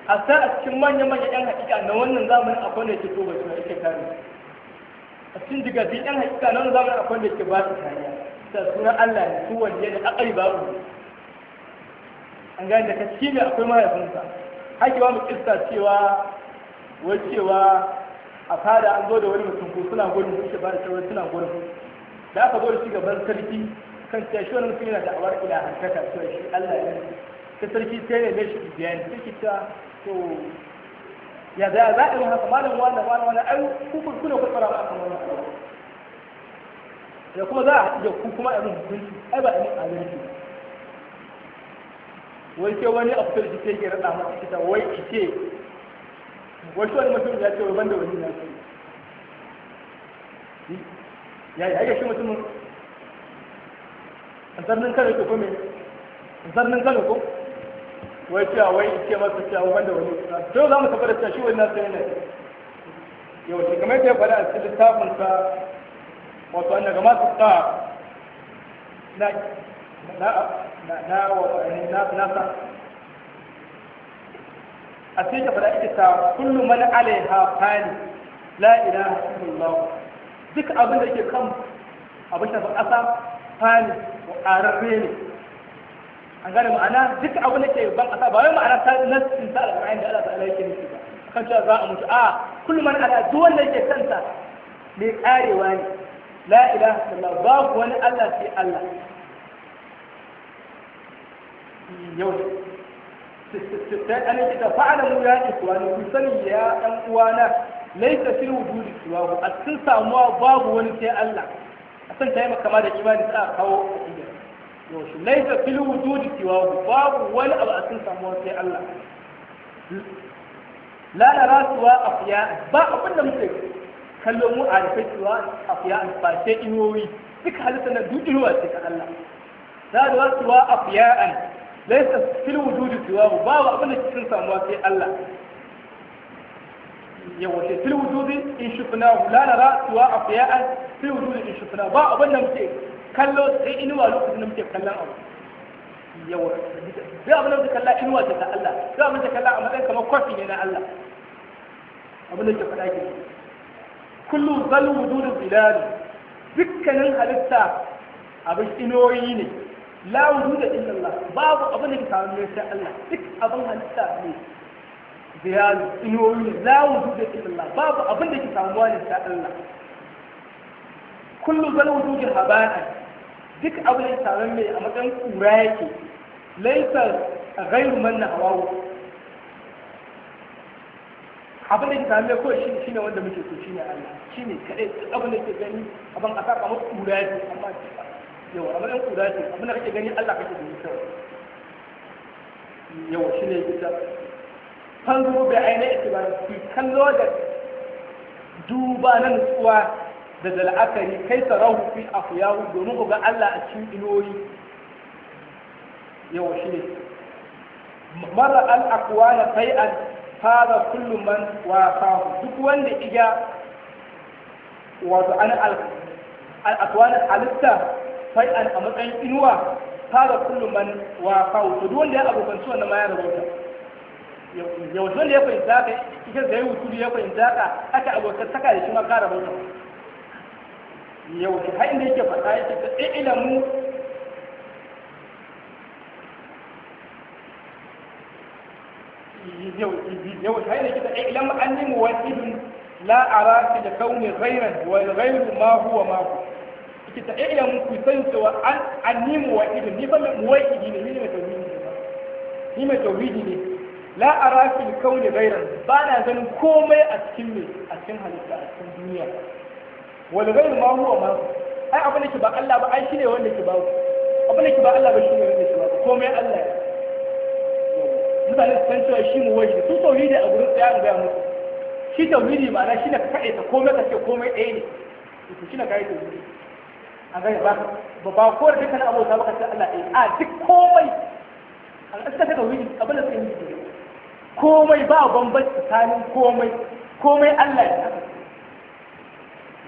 Speaker 2: a sa a cikin manyan manyan yan hakika na wannan zamanin akwai da ke to ba shi ake kare a cikin digabin yan hakika na wannan zamanin akwai da ke ba su kariya ta sunan Allah ne su wanda ne akari ba ku an gani da kaci ne akwai mahaifinsa hakewa mu kista cewa wai cewa a fada an zo da wani mutum ko suna gurin suke ba da sauran suna gurin da aka zo da shi gaban sarki Kanta shi wani mutum yana da'awar ilahantaka cewa shi Allah ya ta sarki sai ne mai shi biyani sai ta to ya za za a yi haka malam wanda wani wani ai ku kuna ku tsara akan wani da kuma za a haɗu da ku kuma a yin hukunci ai ba a yin adalci wai ke wani a fitar jike ke raɗa masa kita wai ice wasu wani mutum ya ce wai banda wani na ya yi ake shi mutumin zarnin kare ke kome zarnin kano ko wai cewa wai ce masa cewa da wani to za mu tabbata cewa shi wani nasu yana yau ce kamar ya faɗa a cikin littafin sa wato an daga masu ta na na na na na na a cikin faɗa ita ta kullum man alaiha fani la ilaha illallah duk abin da ke kan abin shafa ƙasa fani ƙararre ne an gane ma'ana duk abu da ke ban ƙasa ba wai ma'ana ta nassin ta alƙur'ani da Allah ta'ala yake nufi ba kan cewa za a mutu a kullum man ala duk wanda yake kanta mai ƙarewa ne la ilaha illallah ba ku wani Allah sai Allah yau sai an yi ta mu ya ikwani ku sani ya ɗan uwana laisa fil wujudi siwahu a cikin samuwa babu wani sai Allah a san ta tayi kama da imani sai a kawo laifin fil wujudi siwahu babu wani abu a cikin samuwar sai Allah la nara suwa afiya ba abin da muke kallo mu a rufai suwa afiya ba sai inuwoyi duka halitta na duk inuwa sai ka Allah la nara suwa afiya an laisa fil wujudi cewa babu abin da cikin samuwar sai Allah yawa sai fil wujudi in shufna la nara a afiya an fil wujudi in shufna ba abin da muke kallo sai inuwa lokacin da muke kallon abu yawa zai abin da muke kalla inuwa ce ta Allah zai abin da kalla a matsayin kamar kwafi ne na Allah abin da ke faɗa ke kullu zalu wududu bilal dukkanin halitta abin inuwoyi ne la wududa illa Allah babu abin da ke samu ne sai Allah duk abin halitta ne bilal inuwoyi ne la wududa illa Allah babu abin da ke samuwa ne sai Allah kullu zalu wududu habana duk abin da taron mai a matsayin kura yake a gairu manna wawo abin da ke taron mai kawai shi ne wanda muke so shi ne Allah shi ne kaɗai duk abin da ke gani abin a saka masa kura yake amma yau a matsayin kura yake abin da kake gani Allah kake gani kawai
Speaker 1: yau shi ne ita
Speaker 2: fanzu bai aina ita ba su kallo da duba na nutsuwa da dal'akari kai tsarahu fi afiyahu domin ga Allah a cikin inuwoyi Yau shi ne mara al'akuwa na sai an fara kullum man wasa duk wanda iya wato an al'akuwa na halitta sai an a matsayin inuwa fara kullum man wasa to duk wanda ya abokanci wannan ma ya Yau yawancin wanda ya fahimta ka ikin da ya wutu ya fahimta ka aka abokan saka da shi ma ka rabota yau ki har inda yake faɗa yake ta ilamu yau ki har inda yake ta ilamu anni muwahhidun la ara fi kauni ghayran wal ghayru ma huwa ma huwa ki ta ilamu ku san cewa an anni muwahhidun ni fa muwahhidi ne ni ne tauhidi ni mai tauhidi ne la ara fi kauni ghayran ba na ganin komai a cikin ne a cikin halitta a cikin duniya Wani ghayr ma huwa ma ai abin da ke ba Allah ba ai shine wanda ke ba abin da ke ba Allah ba shine wanda ke ba komai Allah ne mutane su san cewa shi mu waje su tauhidi a gurin tsaya ga musu shi tauhidi ma'ana shi ne ka kaɗe ta komai ka ce komai ɗaya ne to shi ne ka yi tauhidi a gani ba ba ba ko da dukkan abota ba ka ce Allah ɗaya a duk komai a ƙasar ta tauhidi abin da suka komai ba bambanci tsakanin komai komai Allah ne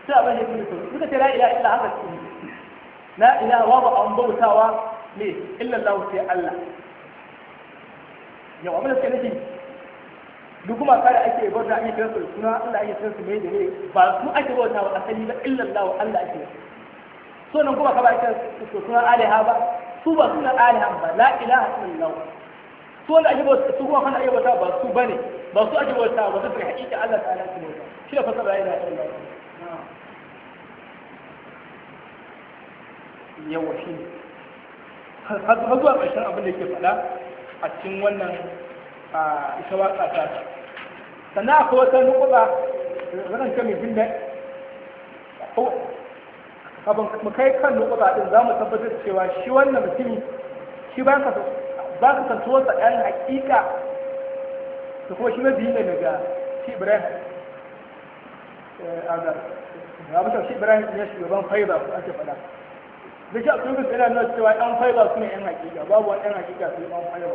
Speaker 2: sai abin ya fi suka ce illa haka ce wa ba an bautawa ne illa sai Allah yau abin da suka nufi duk kuma kare ake bauta ake kira su suna Allah ake kira su mai da ne ba su ake bauta ba asali ba illa Allah Allah ake so nan kuma ka ba kira suna aliha ba su ba suna aliha ba la ilaha su wanda ake bauta su kuma kan ake bauta ba su ne, ba su ake bauta ba su fi hakika Allah ta'ala ke ba, shi da fasara da ilaha illallah shi ne, har zuwa ƙarshen abin da ke faɗa a cikin wannan ita waƙa ta ta sannan akwai wata nukuɗa zan ce mai binne kafin mu kai kan nukuɗa ɗin za mu tabbatar cewa shi wannan mutumin shi ba ka ba ka san tuwarsa ɗan haƙiƙa da kuma shi mabiyi ne daga shi ibrahim eh, azar ga mutum shi ibrahim ne shugaban faiba ake faɗa bishop ɗin yana nuna cewa ɗan faiba su ne ‘yan hakika babu wani ‘yan hakika su ɗan faiba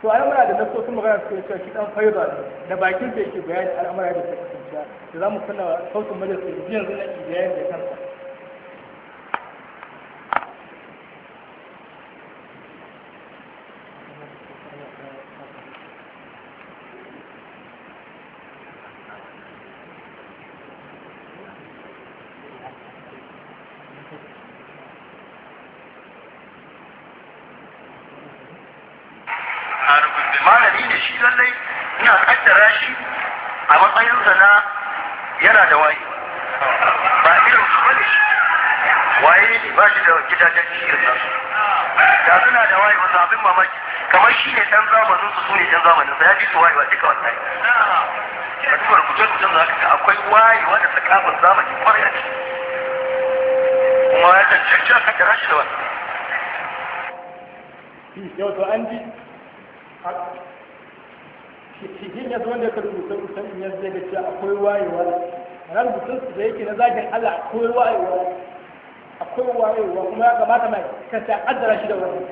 Speaker 2: to a yamura da nasosin magana su cewa shi ɗan faiba da bakin da yake bayani al'amura da suka kasance da za mu sanawa sautin majalisa yanzu yanzu na bayani da kansa
Speaker 1: kira shi da wannan yau
Speaker 2: to an ji shi ya zo wanda ka rubuta rubuta in yanzu zai ga cewa akwai wayewa na rubutun su da yake na zagin Allah akwai wayewa akwai wayewa kuma ya kamata mai kanta kaddara shi da wani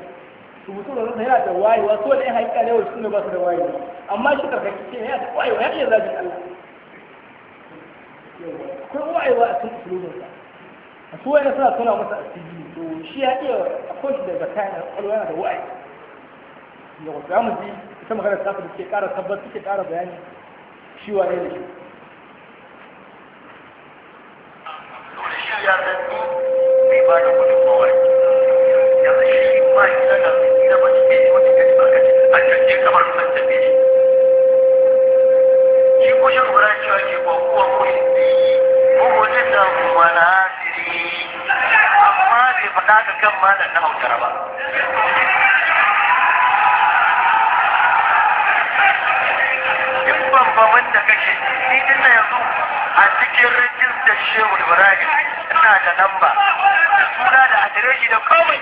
Speaker 2: rubutu da zai yana da wayewa so da ya haƙiƙa ne wasu ne ba su da wayewa amma shi karkaki ce yana da wayewa ya iya zagin Allah akwai wayewa a cikin usulubinsa su wani suna tona masa cikin to shi ya iya akwai daga kayan alƙalwa yana da wa'ayi da wasu ya muji ita magana ta da suke ƙara tabbat suke ƙara bayani shi wane da shi da
Speaker 1: shi shi na da ba shi kamar ko cewa ke ba kuwa ko shi ko hoton da kuma na faɗa ka kan malam na hautara ba in bambamin da
Speaker 3: kake ni ina yanzu a cikin da shehu ibrahim ina da
Speaker 2: lamba,
Speaker 1: da suna da adireshi da komai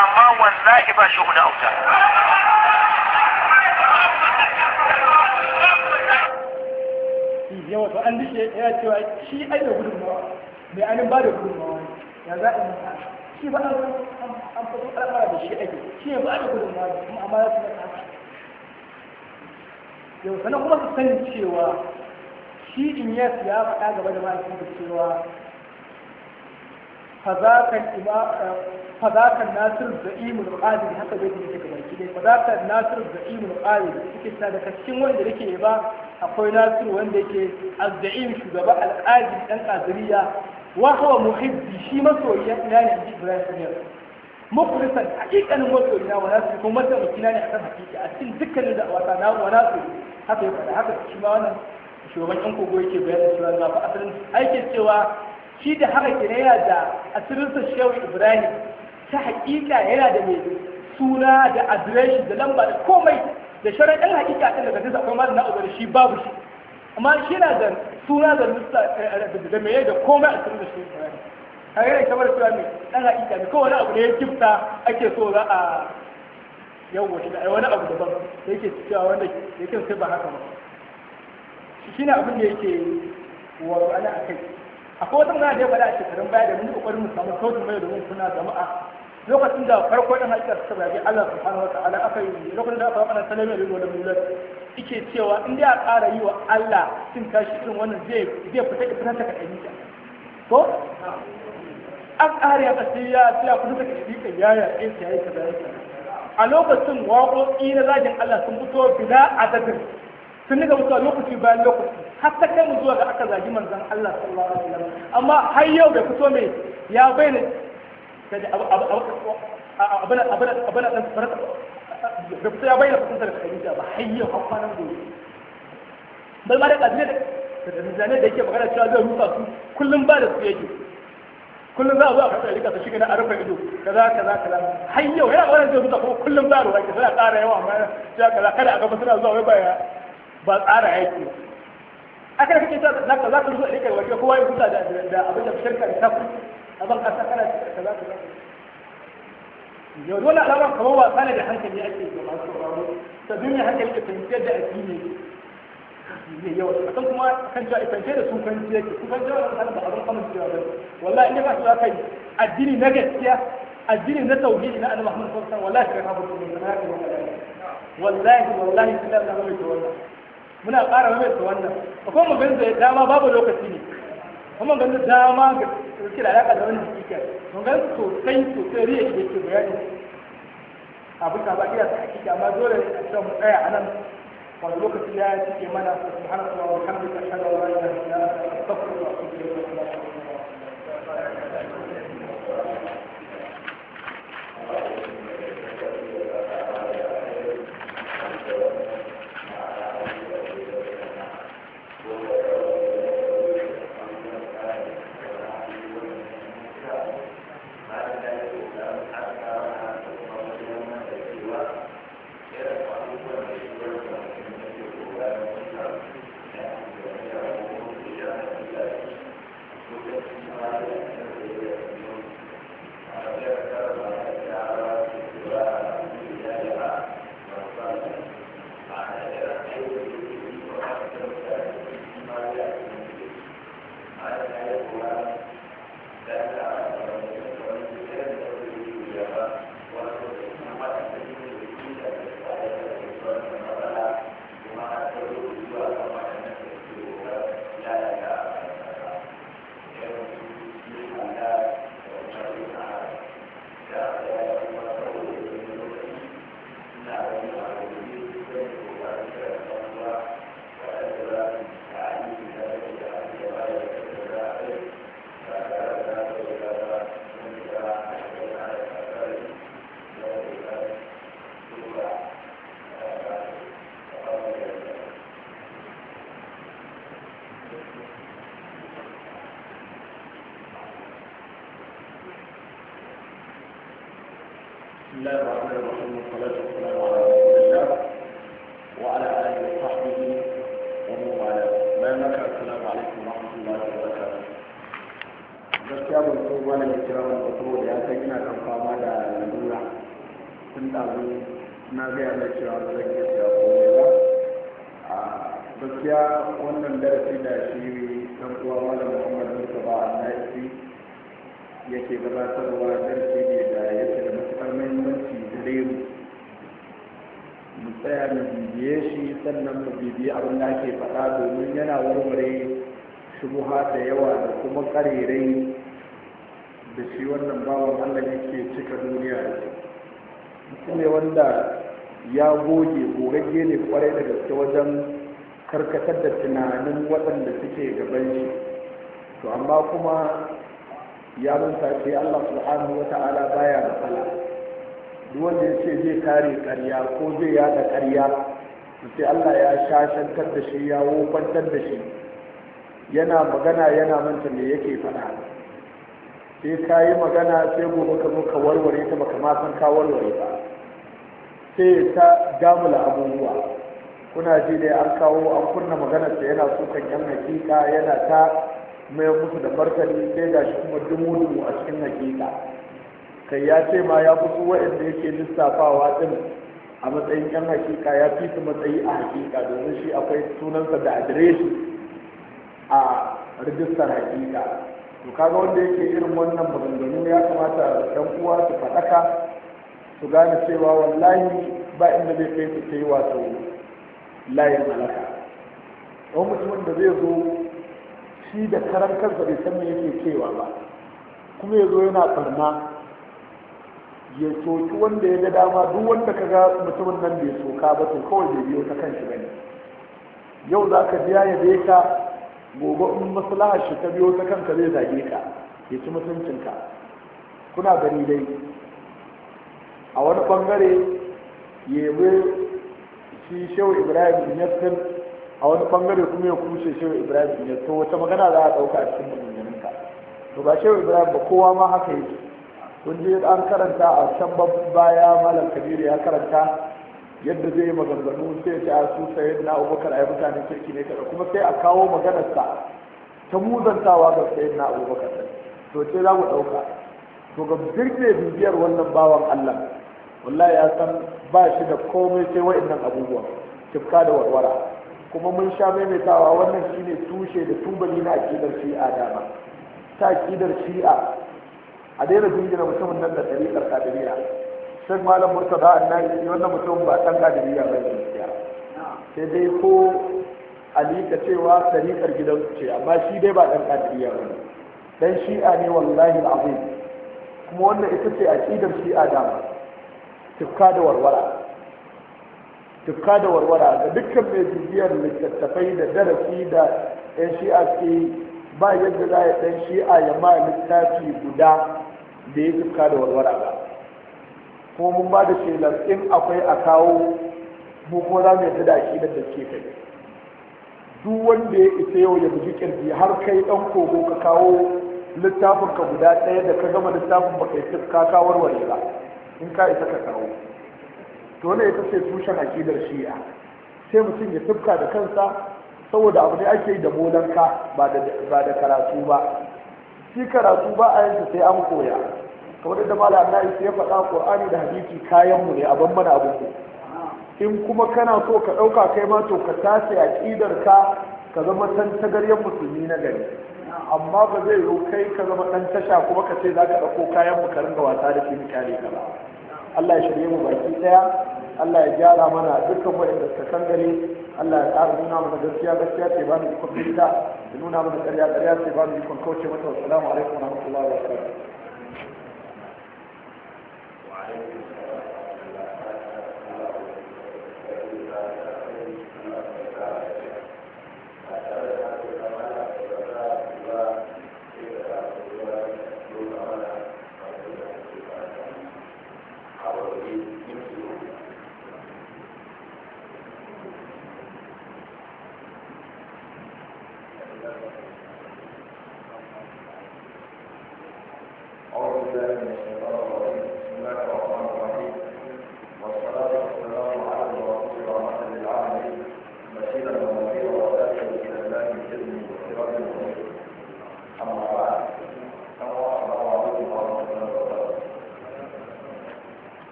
Speaker 1: amma wallahi ba shehu na auta
Speaker 2: yawa to an dike ya cewa shi ai da gudunmawa mai anin ba da gudunmawa ya za a yi shi ba a an fito al'amara da shi ake shi ne ba a da gudun ma kuma amma ya kuma haka yau sannan kuma su sani cewa shi in ya ya faɗa gaba da ma'aikin da cewa fazakan fazakan nasir za'imul qadir haka zai yi daga baki dai fazakan nasir za'imul qadir suke ta daga cikin wanda yake ba akwai nasir wanda yake azza'im shugaba al-qadir dan qadiriya wa huwa muhibbi shi masoyi ya ina ne ji Ibrahim ne mukhlisan haqiqan masoyi na wala su kuma da mutuna ne akan haqiqa a cikin dukkanin da wata na wala su haka ya faɗa haka shi ma wannan shugaban yan kogo yake bayanin cewa ga fa asalin aikin cewa shi da haka ke yana da asirinsa shehu Ibrahim ta haqiqa yana da mai suna da adireshi da lamba da komai da sharaɗin haƙiƙa ɗin daga zai akwai malam na shi babu shi amma shi na da sura da nusa eh, eh, da meye da komai a cikin da shi Qur'ani kage ne kamar sura ne ana ita ne kowane abu ne ya kifta ake so za a yau shi da wani abu daban da yake cewa wanda yake sai ba haka ba shi ne abin da yake wa ana kai. akwai wata magana da ya faɗa a shekarun baya da mun kokarin mu samu sautin mai domin kuna jama'a lokacin da farko ɗin hakika suka zabi Allah subhanahu wa ta'ala aka yi lokacin da aka faɗa salama da wani mulki ike cewa in dai a ƙara yi wa Allah cin kashi irin wannan zai zai fita ka fita ka ɗari ta ko an ƙara ya kasi ya sai fita ka ɗari ka ya ya ɗin ta yi kaza a lokacin waƙoƙi na zagin Allah sun fito bila adadin sun daga mutuwa lokaci bayan lokaci har kai mu zuwa ga aka zagi manzon Allah sallallahu alaihi wasallam amma har yau bai fito mai ya bayyana abin abu abin abin da kusa ya bayyana kusantar khadija ba hayyar hakwanan gobe bai ma da ƙadire da zane da yake magana cewa zai rufa su kullum ba da su yake kullum za a zo a kasa rika ta shiga na arfa ido kaza kaza kaza har yau yana wannan zai rufa kuma kullum za a rufa sai a ƙara yawa amma ya kaza kada a gaba suna zuwa wai ba ba tsara yake aka da kake ta za ka za ka rufa rika wajen kowa ya rufa da abin da shirka da tafi a ban kasa kana kaza kaza يقول ولا لا ما هو قال لي حنكل يا اخي تبيني حنكل كنت جاء فيني يقول ما كان جاء تنشر سو كان جاء سو كان جاء انا بعض رقم الزياده والله اني بس اخي اديني نجد يا اديني نتوجيه انا محمد صلى والله شيخ ابو من هناك والله والله الا انا متولى من قارن متولى فهم بنزل دا ما بابو لوكتيني kuma ganin dama ga ɗauki da alaƙa da wani jikin mun gan sosai sosai riya shi ke bayani abu ta ba iya sa hakika? amma dole a ce mu tsaya a nan wani lokacin ya cike mana subhanahu wa ta'ala
Speaker 1: alhamdulillah shalla wa da ilaha illa
Speaker 2: shashantar da shi ya wofantar da shi yana magana yana manta me yake faɗa sai ka yi magana sai gobe ka zo ka warware ta baka ma san ka warware ba sai ya ta damula abubuwa kuna ji dai an kawo an kunna magana sai yana sukan yan hakika yana ta mai musu da martani sai ga shi kuma dumu-dumu a cikin hakika kai ya ce ma ya fi su waɗanda yake lissafawa din a matsayin yan hakika ya fi su matsayi a hakika domin shi akwai sunansa da adireshi
Speaker 1: a rijistar hakika to kaga wanda yake irin wannan maganganu ya kamata yan uwa su faɗaka su gane cewa wallahi
Speaker 2: ba inda zai kai su kai wato layin halaka wani mutumin da zai zo shi da karan kansa bai san me yake cewa ba kuma ya zo yana ɓarna ya soki wanda ya ga dama duk wanda ka ga mutumin nan bai soka ba to kawai bai biyo ta kanshi ba ne yau za ka biya ya bai
Speaker 1: ka gobe in maslahar shi ta biyo ta kanka zai zage ka ya ci mutuncinka kuna gani dai
Speaker 2: a wani bangare ya bi shi shehu ibrahim bin yassir a wani bangare kuma ya kushe shehu ibrahim bin yassir wata magana za a ɗauka a cikin mutuncinka to ba shehu ibrahim ba kowa ma haka yake kun je an karanta a can baya malam kabiru ya karanta yadda zai maganganu sai a su sai na abubakar yi mutanen kirki ne kada kuma sai a kawo maganarsa ta muzantawa ga sai na abubakar to ce za mu ɗauka to ga birne bibiyar wannan bawan allah wallahi ya san ba shi da komai sai wa'annan abubuwa tufka da warwara kuma mun sha maimaitawa wannan shine tushe da tubali na akidar shi'a dama ta akidar shi'a a daina jingina mutumin nan da tarikar kadiriya sai malam murtada yi wannan mutum ba ɗan kadiriya ba ne sai dai ko ali ka cewa tarikar gidan ce amma shi dai ba ɗan kadiriya ba ne dan shi'a ne wallahi alazim kuma wannan ita ce aqidar shi'a dama tukka da warwara tukka da warwara ga dukkan mai bibiyar littattafai da darasi da yan shi'a suke. ba yadda za ya ɗan shi'a ya ma littafi guda da ya tufka da warwara ba ko mun ba da shelar in akwai a kawo mu ko za mu yadda da shi da take kai duk wanda ya isa yau ya buji kirji har kai ɗan kogo ka kawo littafin ka guda ɗaya da ka gama littafin ba kai ka warware ba in ka isa ka kawo to ne ita ce tushen akidar shi'a sai mutum ya tufka da kansa saboda abu ne ake yi da molanka ba da karatu ba shi karatu ba a yanzu sai an koya kamar yadda malam na isi ya faɗa qur'ani da hadisi kayan mu ne a ban mana in kuma kana so ka ɗauka kai ma to ka tace aƙidar ka ka zama tan musulmi na gari amma ba zai yiwu kai ka zama ɗan tasha kuma ka ce za ka ɗauko kayan mu ka ringa wasa da shi mu kyale ka ba Allah ya shirye mu baki ɗaya Allah ya gyara mana dukkan waɗanda suka kangare Allah ya ƙara nuna mana gaskiya gaskiya ce ba mu
Speaker 1: ikon binta da nuna mana ƙarya ƙarya ce ba mu ikon kauce mata wasu alaikum wa rahmatullahi wa barakatuh Thank you.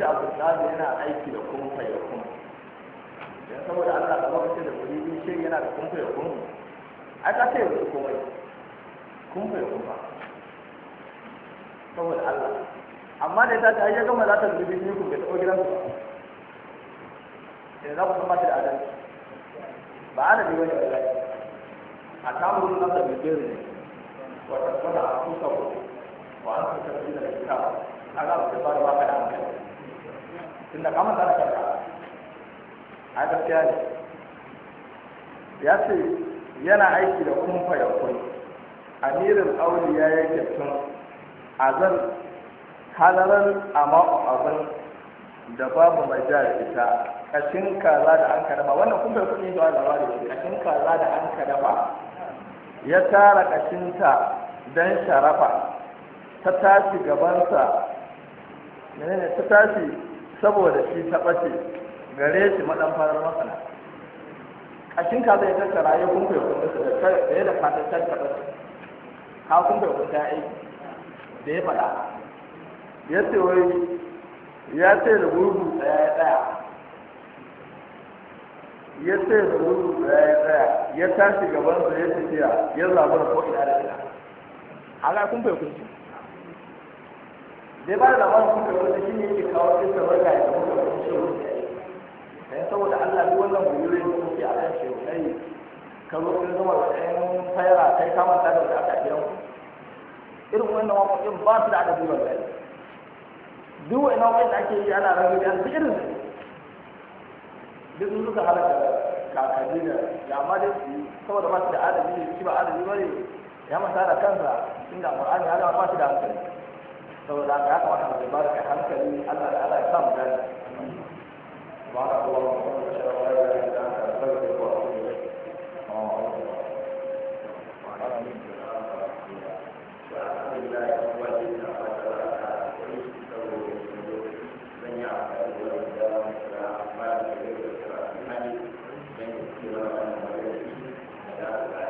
Speaker 2: da abu tsari yana
Speaker 1: aiki da kumfa ya kun dan saboda Allah da lokacin da kuri din shi yana da kumfa ya kun ai ka sai yanzu komai kumfa ya kun ba
Speaker 2: saboda Allah amma da ta ta ya gama za ta dubi ni ku ga tsawo gidan ku idan za ku kuma shi da adalci ba a da wani wallahi
Speaker 1: a kamun nan mai bibiyar ne wata tsara a kusa ku wa an kusa da kitab a ga ba ta ba da hankali tun da
Speaker 2: kamar tana karka a gaskiya ne ya ce yana aiki da kun fayakun amirin auri ya yi ke a zan halarar amma abin da babu mai ja da ita kashin kaza da an karama wannan kun bai kuɗi da labari ne kashin kaza da an karama ya tara kashinta don sharafa ta tashi gabansa ne ne ta tashi saboda shi ta ɓace gare shi maɗan farar masana ƙashin ka zai tattara ya kunfa ya da ya da fatan can ta ɓace ka kunfa ya ya aiki da ya faɗa ya ce wai ya ce da gurgu ɗaya ya ɗaya ya ce da gurgu ɗaya ya ɗaya, ya tashi gaban su ya tafiya ya zaɓi da ko ina da ina ala kunfa ya kunfa zai ba da labarin kuka wanda shi ne ke kawo sai ta barka ya samu kamar shi dan saboda Allah duk wannan bujurin da kuke a kan shehu kai ka zo kun zama da ɗayan fayara kai ka manta da aka gidan ku irin wannan waƙoƙin ba su da aka adabi wallahi duk wannan waƙoƙin da ake yi ana rabu da duk irin duk suka halaka kakanni da amma da su saboda ba su da adabi ne shi ba adabi ba ne ya manta da kansa inda Qur'ani ya ba su da
Speaker 1: hankali saboda haka ya kamata mu ba da hankali Allah da Allah ya sa mu gani subhanallahi wa bihamdihi ashhadu an la ilaha illa anta astaghfiruka wa atubu ilayk Thank you.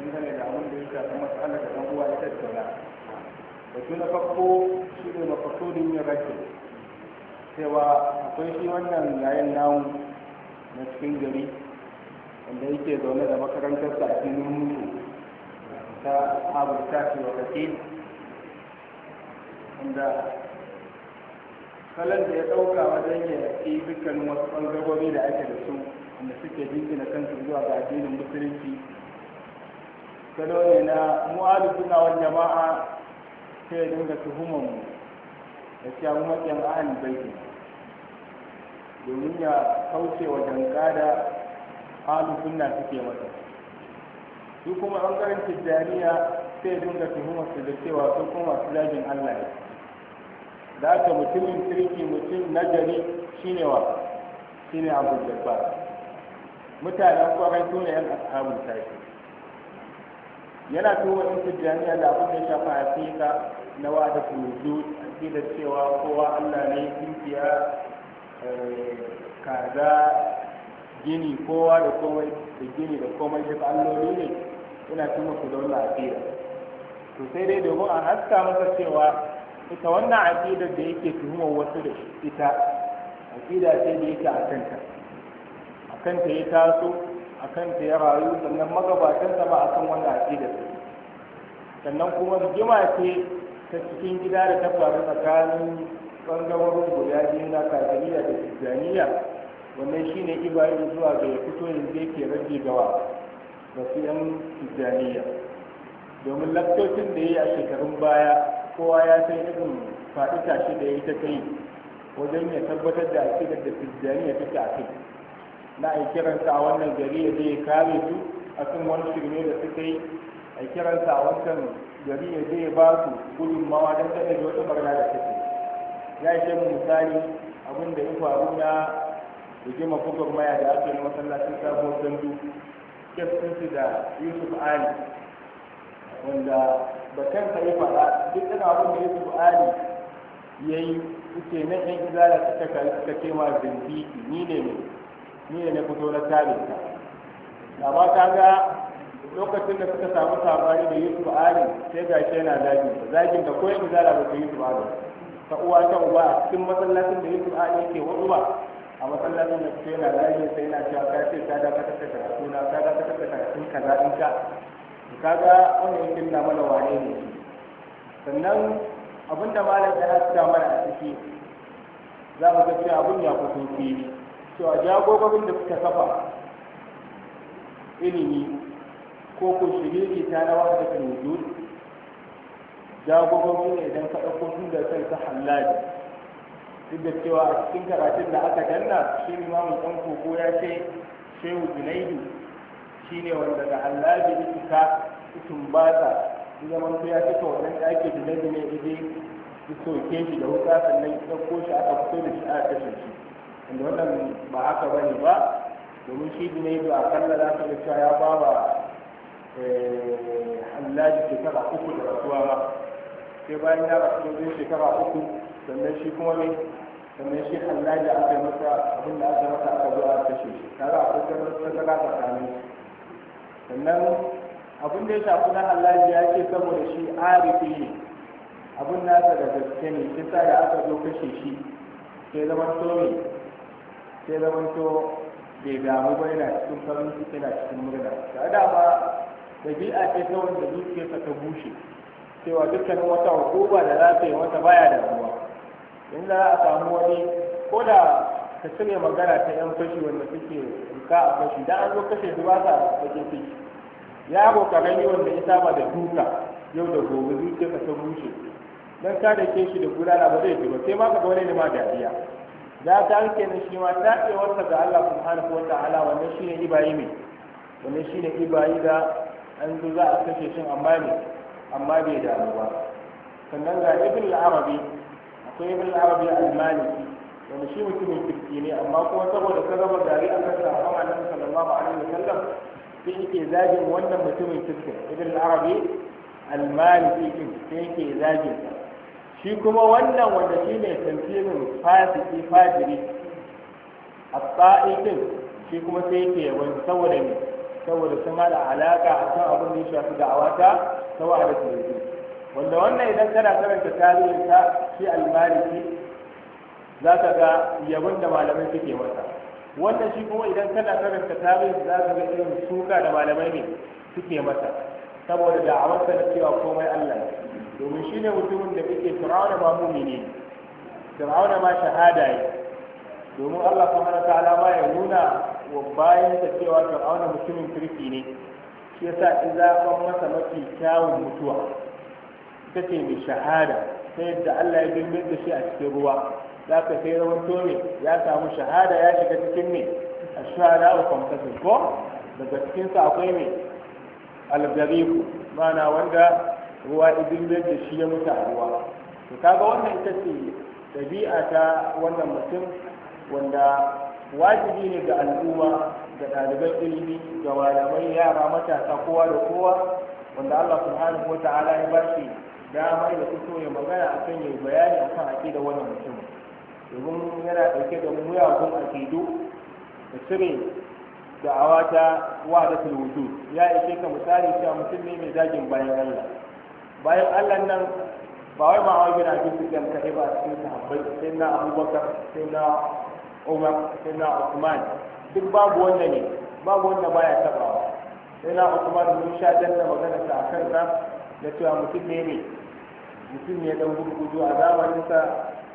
Speaker 2: dangane da abin da ya shafi matsala da ɗan uwa ya tattauna batu na farko shi ne mafasodin yin rashin cewa akwai shi wannan yayin namu na cikin gari wanda yake zaune da makarantar sa a filin mutu ta abu ta ce wa kake wanda kalan da ya ɗauka wajen ya yi dukkanin wasu ɓangarori da ake da su wanda suke jingina kansu zuwa ga addinin musulunci salo ne na
Speaker 1: mu'alu suna wani jama'a sai ya dinga tuhumar mu da cewa mu maƙiyan ahal baiti domin ya kauce wa dangada da
Speaker 2: ahal sunna suke masa su kuma ɓangaren tijjaniya
Speaker 1: sai ya dinga tuhumar su da cewa su kuma su lajin allah ne da haka mutumin kirki mutum nagari shine wa shine abu ba mutanen kwarai su ne yan ashabun tashi yana wani su jami'a da abin da ya shafa hakika na wa'ada wujud da cewa kowa Allah ne kinkiya eh, kaza gini
Speaker 2: kowa da komai da gini da komai da alloli ne ina tuhumar su da wannan aqida to sai dai domin a haska masa cewa ita wannan aqida da yake tuhumar wasu da ita aqida sai da yake a kanta a kanta ya taso a ta ya rayu sannan magabatansa ba a kan wannan aƙidar sannan kuma rigima ce ta cikin gida da ta faru tsakanin ɓangarorin guda biyu na kafiriya da tijjaniya wannan shine ibrahim zuwa ga ya fito yanzu ke rage gawa ga su yan tijjaniya domin laktocin da ya yi a shekarun baya kowa ya san irin faɗi tashi da ya yi ta kai wajen ya tabbatar da aƙidar da tijjaniya take a kai na a kiransa a wannan gari ya je ya kare su a kan wani shirme da suka yi a kiransa a wancan gari ya je ya ba su mawa don kada da wata barna da suke ya ce mu misali abin da ya faru na rigima maya da ake na masallacin
Speaker 1: sabuwar gandu kyaftinsu da yusuf ali wanda da kansa ya fara duk ɗan abin da yusuf ali ya yi
Speaker 2: suke na yan gida da suka kai suka ce ma zindiki ni ne ne ni ne na fito na tare ta amma ta ga lokacin da suka samu sabari da Yusuf Ali sai ga shi yana zagi zagin da koyi izala zara da Yusuf Ali ta uwa ta uba a cikin masallacin da Yusuf Ali yake wa uba a masallacin da suke yana zagi sai na cewa ka ce ka dakatar da karatu na ka dakatar da karatun ka in ka ga wannan yankin na mana wane ne sannan abinda malam ya haska mana a ciki za mu ga cewa abin ya fito fili cewa jagogogin da suka kafa ilimi ko ko shiriri ta na wata da wujud jagogogin ne idan faɗa ko sun da sai ta hallaji duk da cewa a cikin karatun da aka danna shi mamun ɗan koko ya ce shehu junaidu shi ne wanda da suka ya fita ikin zaman ya fita wannan ɗaki junaidu ne ije ya soke shi da wuta sannan ɗauko shi aka fito da shi aka kashe shi inda wannan ba haka ba ne ba domin shi ne a kalla za ka cewa ya ba wa eh, hallaji shekara uku da rasuwa ba sai bayan ya rasu zai shekara uku sannan shi kuma ne sannan shi hallaji aka yi masa abin da aka masa aka zo a kashe shi tare a kusa da tsakanin sannan abin da ya shafi na hallaji ya ce saboda shi arifi ne abin nasa da gaske ne kisa da aka zo kashe shi sai zama to sai zaman to bai damu ba yana cikin farin ciki yana cikin murna da da ba dabi'a ce da wanda zuciyarsa ta bushe cewa dukkanin wata hukuma da za ta yi wata baya ruwa in za a samu wani ko da ka cire magana ta yan fashi wanda suke duka a fashi da an zo kashe su ba sa bakin ciki yaro yi wanda ya saba da duka
Speaker 1: yau da gobe zuciyarsa ta bushe dan ka da ke shi da gudana ba zai ji ba sai ma ka ga wani ne ma dariya
Speaker 2: za ta rike na shi ma ta ce wata ga Allah subhanahu wa ta'ala wannan shine ibayi mai wannan shine ibayi da an zo za a kashe shin amma ne
Speaker 1: amma bai damu ba sannan ga ibn al-arabi akwai ibn al-arabi al-maliki wanda shi mutumin kirki ne amma kuma saboda
Speaker 2: karaba gari a kan sahabban annabi sallallahu alaihi wa sallam sai yake zagin wannan mutumin kirkin ibn al-arabi al-maliki sai yake zagin sa shi kuma wannan wanda shi ne tantinin fasiki fajiri a tsa'ikin shi kuma sai ke yawon saboda ne saboda sun hada alaka a kan abin da ya shafi da'awa ta sawa da tunanci wanda wannan idan kana karanta tarihin ta shi almaliki za ka ga yabon da malamai suke masa wannan shi kuma idan kana karanta tarihin za ka ga irin suka da malamai ne suke masa saboda da da'awarsa na cewa komai allah ne domin shi ne mutumin da kake fir'auna ba mumini fir'auna ma shahada yi domin Allah subhanahu ta'ala ma ya nuna wa bayan
Speaker 1: ta cewa fir'auna mutumin kirki ne shi yasa in zaɓan masa mafi kyawun mutuwa ita ce mai shahada ta yadda Allah ya bimbin da shi a cikin ruwa za ka sai rawan tome ya samu shahada ya shiga cikin ne a shahada a kwamfasin ko daga cikinsa akwai ne algariku mana wanda ruwa idillar da shi ya mutu a ruwa to kaga wannan ita ce ɗabi'a
Speaker 2: ta wannan mutum wanda wajibi ne ga al'umma ga ɗalibai ilimi ga malamai yara matasa kowa da kowa wanda Allah subhanahu ta'ala ya bashi damar ya fito ya magana akan ya bayani akan da wannan mutum domin yana ɗauke da muyagun aƙidu da cire da'awa ta da wujud ya ishe ka misali cewa mutum ne mai zagin bayan Allah bayan Allah nan ba wai ma wai yana jin cikin kai ba cikin sahabbai sai na Abubakar sai na Umar sai na usman duk babu wanda ne babu wanda baya tabawa sai na usman mun sha danna magana ta akan sa da cewa mutum ne ne mutum ne dan gudu a zamanin sa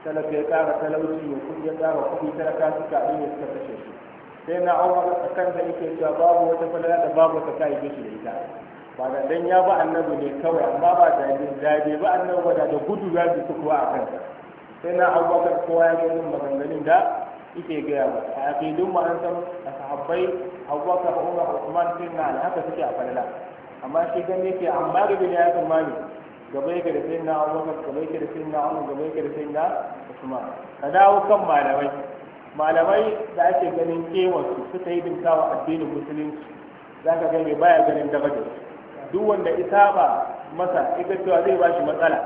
Speaker 2: talaka ya kara talauci ya kudi ya kara kudi talaka su ka ya suka kashe shi sai na Umar akan da yake cewa babu wata falala da babu ta kai gishi da ita ba da dan ya ba annabi ne kawai amma ba da yin dade ba annabi ba da gudu ya ji kuwa a kan sai na abubakar kowa ya ga yin maganganun da yake gaya ba a aqidun mu an san a sahabbai abubakar umar usman sai na haka suke a falala amma shi dan yake amma da bin ya tsammani gaba yake da sai na abubakar gaba yake da sai na umar gaba yake da sai na usman ka dawo kan malamai malamai da ake ganin kewarsu suka yi kawo addinin musulunci za ka gani baya ganin darajarsu duk wanda ba masa ita cewa zai ba shi matsala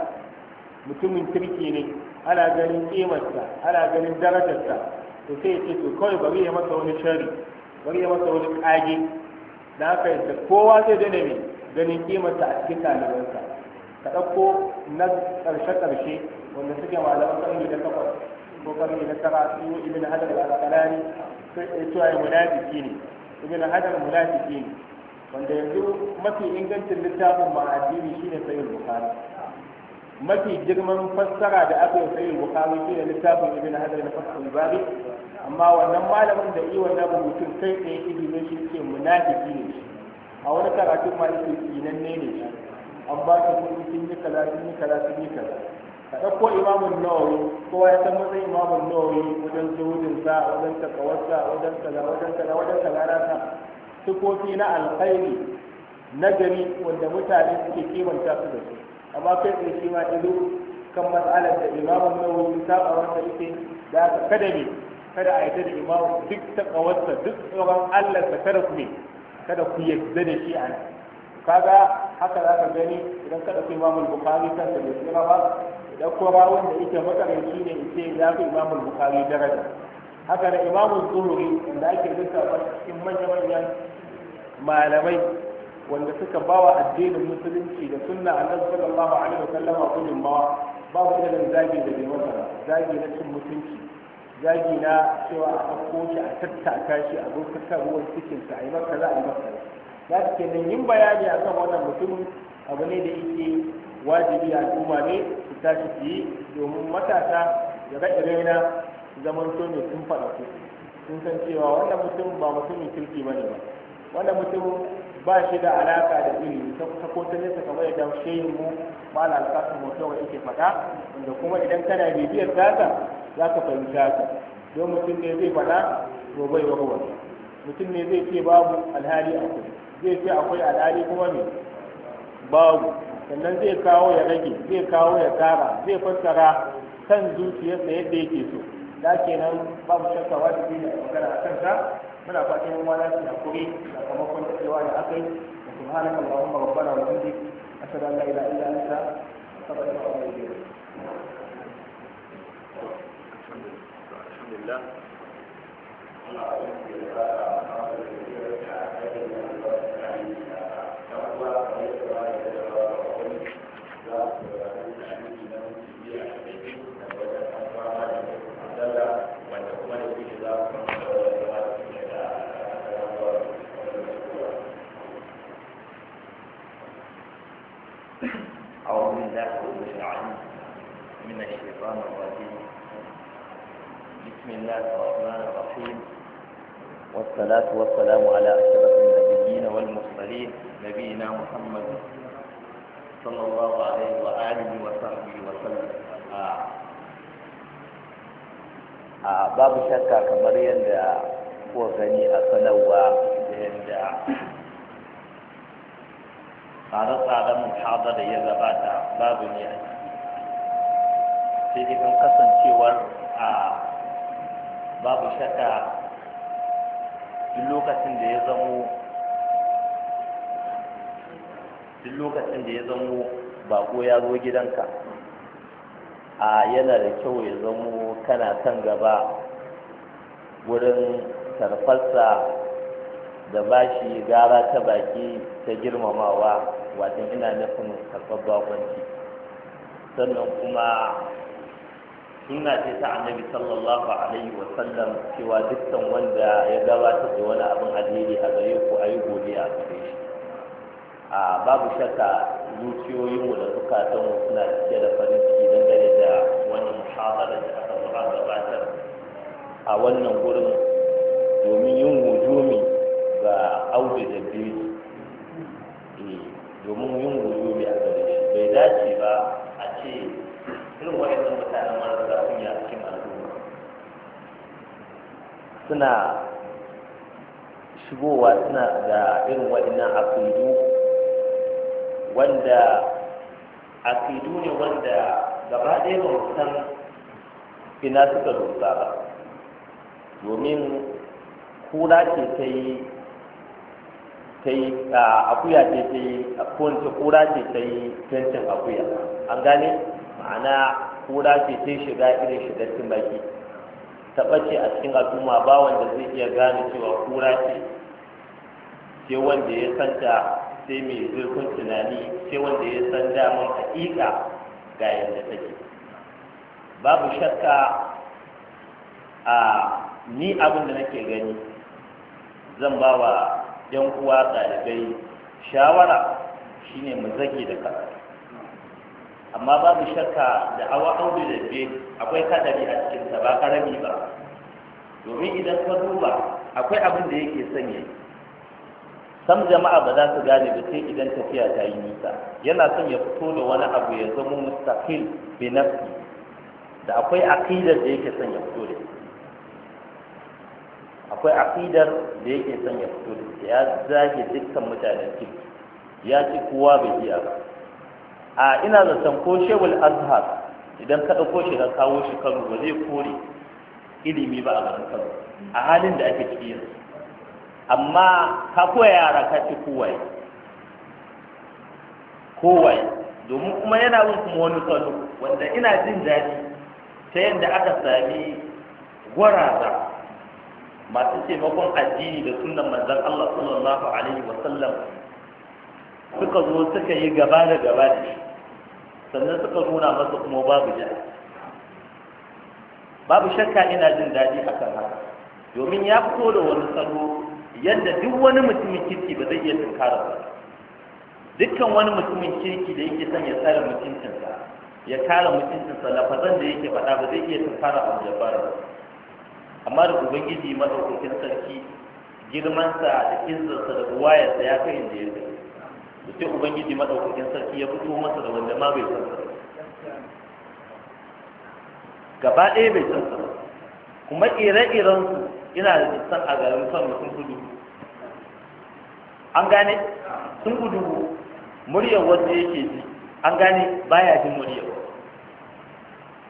Speaker 2: mutumin kirki ne ana ganin kimarsa ana ganin darajarsa to sai ya ce to kawai bari ya masa wani shari bari ya masa wani kage da haka yadda kowa zai dane mai ganin kimarsa a cikin talibansa ka ɗauko na ƙarshe-ƙarshe wanda suke malaman ƙarni da takwas ko ƙarni da tara su ibn hajar al-asqalani sai ya ce wa munafiki ne ibn hajar munafiki ne wanda yanzu mafi ingancin littafin ma addini shine sayyid bukhari mafi girman fassara da aka yi sayyid bukhari shine littafin ibn hajar na fassara bari amma wannan malamin da iya wannan rubutun kai ɗaya ilimin shi ce munafiki ne shi a wani karatun ma yake kinan ne shi an ba shi kuɗi sun yi kaza sun yi kaza sun yi kaza ka ɗauko imamun nawawi kowa ya san matsayin imamun nawawi wajen zuhudinsa wajen takawarsa wajen kaza wajen kaza wajen kaza rasa. Sukofi na alkhairi gari wanda mutane suke kimanta su da su amma kai tsaye shi ma ido kan mas'alar da imamun nawawi saba wanda ita, da aka kada ne kada a yarda da imamu duk ta takawarsa duk tsoron Allah sa kada ku ne kada ku yarda da shi a kaga haka za ka gani idan kada ku imamul bukhari kan da tsira ba idan ko rawun da yake makaranci ne ce ya fi imamul bukhari daraja haka da imamun zuhuri da ake lissafa cikin manya-manyan malamai wanda suka bawa addinin musulunci da sunna annabi sallallahu alaihi wasallama gudunmawa babu irin zagi da bai masa zagi na cin mutunci zagi na cewa a ɗauko shi a tattaka shi a zo ta kan ruwan cikinsa a yi maka za a yi maka za ke nan yin bayani a kan wannan mutumin abu ne da yake wajibi al'umma ne su tashi su yi domin matasa da raɗi raina zamanto ne sun faɗa ku sun san cewa wanda mutum ba mutumin kirki bane ba wanda mutum ba shi da alaka da ilimi ta ko ta nesa kamar yadda shehin mu mala alkasu mutum yake fada wanda kuma idan kana bibiyar tasa za ka fahimta haka don mutum ne zai faɗa to bai warware mutum ne zai ce babu alhali akwai zai ce akwai alhali kuma ne babu sannan zai kawo ya rage zai kawo ya tsara zai fassara kan zuciyarsa yadda yake so da kenan babu shakka wajibi ne a magana a kansa muna fatan yan wani su
Speaker 1: hakuri sakamakon daɗewa da aka yi da subhanak allahumma rabbana wa bihamdik ashhadu an la ilaha illa anta astaghfiruka wa atubu ilayk alhamdulillah Thank you. أعوذ
Speaker 4: بالله من الشيطان الرجيم بسم الله الرحمن الرحيم والصلاة والسلام على أشرف النبيين والمرسلين نبينا محمد صلى الله عليه وآله وصحبه وسلم آه. a babu shakka kamar yadda kuwa gani a sanarwa da yadda tsare-tsaren da ya gabata babu ne a ciki sai kasancewar a babu shakka duk lokacin da ya zamo duk lokacin da ya zamo bako ya zo gidanka a yana da kyau ya zamo kana kan gaba wurin tarfarsa da bashi gara ta baki ta girmamawa wajen ina nufin karfar bakwanci sannan kuma suna ce ta annabi sallallahu alaihi wa sallam cewa dukkan wanda ya gabatar da wani abin alheri a gare ku a yi godiya a gare shi a babu shakka zuciyoyinmu da zukatanmu suna cike da farin ciki wannan muhaɗar da aka zuwa gabatar a wannan wurin
Speaker 1: domin yin hujumi
Speaker 4: ga audu da biyu eh, domin yin hujumi a gare shi bai dace ba a ce irin wa'annan mutanen marasa kunya a cikin al'umma suna shigowa suna da irin wa'annan akidu wanda akidu ne wanda gaba ɗaya ba mu san ina suka dosa ba domin kura ce ta yi ta yi akuya ce ta yi kowace kura ce ta yi fentin akuya an gane ma'ana kura ce ta yi shiga irin shigar baki. ta ɓace a cikin al'umma ba wanda zai iya gane cewa kura ce sai wanda ya santa sai mai zurfin tunani sai wanda ya san daman haƙiƙa ga yadda take babu shakka a ni abin da nake gani zan ba wa yan uwa ɗalibai shawara shine mu zage da ka, amma babu shakka da awa audu da je akwai kadari a cikinsa ba karami ba domin idan ka duba akwai abin da yake sanya sam jama'a ba za su gane ba sai idan tafiya ta yi nisa yana son ya fito da wani abu ya zama mustaqil bi nafsi da akwai aqidar da yake son ya fito da akwai aqidar da yake son ya fito da ya zage dukkan mutanen kirki ya ci kowa bai iya ba a ina zaton ko shebul azhar idan ka dauko shi ka kawo shi kano ba zai kore ilimi ba a garin kano a halin da ake ciki yanzu amma ka koya yara ka ci kowai kowai domin kuma yana yin kuma wani salo wanda ina jin daɗi ta yadda aka sami gwaraza masu taimakon addini da sunan manzan Allah sallallahu alaihi sallam, suka zo suka yi gaba da gaba da shi sannan suka nuna masa kuma babu jari babu shakka ina jin daɗi akan haka domin ya fito da wani salo yadda duk wani mutumin kirki ba zai iya tunkara ba dukkan wani mutumin kirki da yake son ya tsara mutuncinsa ya kare mutuncinsa lafazan da yake faɗa ba zai iya tunkara abu da fara ba amma da ubangiji maɗaukakin sarki
Speaker 3: girmansa da kinzarsa da ruwayarsa ya kai inda ya kai da ce ubangiji maɗaukakin sarki ya fito masa
Speaker 4: da wanda ma bai san sa gaba ɗaya bai san sa kuma ire-irensu ina da san a garin son sun gudu an gane sun gudu muryar wanda yake ji an gane baya jin muryar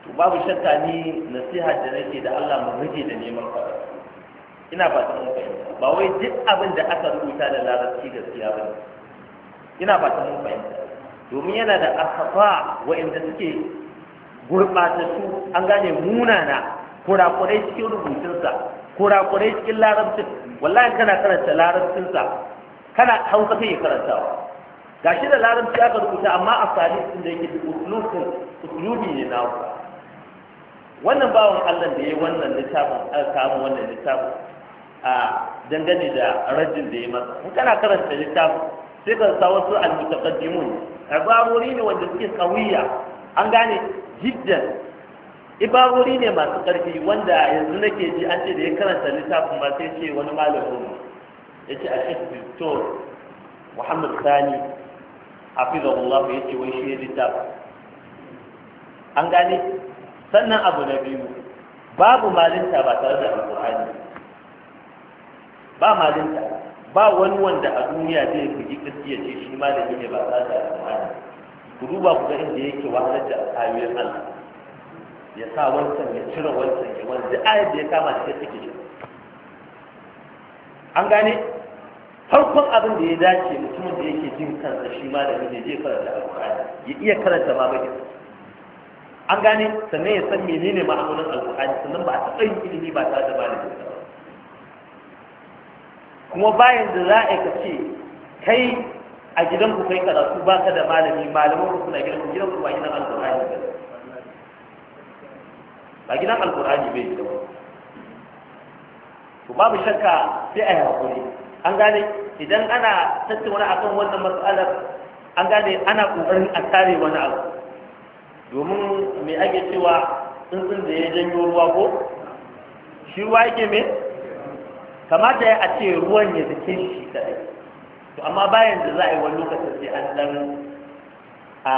Speaker 4: to babu shakka ni nasiha da nake da Allah mu rike da neman fara ina ba ta mun ba wai duk abin da aka rubuta da larabci gaskiya ba ina ba ta mun fahimta domin yana da asafa wa'anda suke su an gane munana kurakurai cikin rubutunsa kurakurai cikin larabcin wallahi kana karanta larabcinsa kana hausa kai karantawa gashi da larabci aka rubuta amma a sani din da yake uslubin uslubi ne na hausa wannan bawan Allah da ya wannan littafin aka samu wannan littafin a dangane da rajin da ya masa in kana karanta littafin sai ka sa wasu al-mutaqaddimun ibarori ne wanda suke kawiya an gane jiddan ibawuri ne masu ƙarfi wanda yanzu nake ji an ce da ya karanta littafin ma sai ce wani malamin ya ce a shek victor muhammad sani a Allah ya ce wai shi ya littafi an gane sannan abu na biyu babu malinta ba tare da alƙur'ani ba malinta ba wani wanda a duniya zai fi gaskiya ce shi malami ne ba tare da alƙur'ani ku duba ku ga inda yake wahalar da ayoyin Allah ya sa wancan ya cire wancan ya wanzu ayat da ya kama da take ciki an gane farkon abin da ya dace mutumin da yake jin kansa shi ma da miji zai karanta alƙur'ani ya iya karanta ma bai an gane sannan ya san menene ma'amulan alƙur'ani sannan ba a taɓa yin ilimi ba tare da malamin ba kuma bayan da za a ka ce kai a gidanku kai karatu ba ka da malami malaman ku suna gidanku gidanku ba gidan alƙur'ani ba ba gidan alkur'ani bai gida ba to babu shakka sai a yi hakuri an gane idan ana tattauna akan wannan matsalar an gane ana kokarin a tare wani abu domin mai ake cewa tsuntsun da ya janyo ruwa ko shi ruwa yake me kamata ya a ce ruwan ya zake shi kadai to amma bayan da za a yi wani lokacin sai an dan a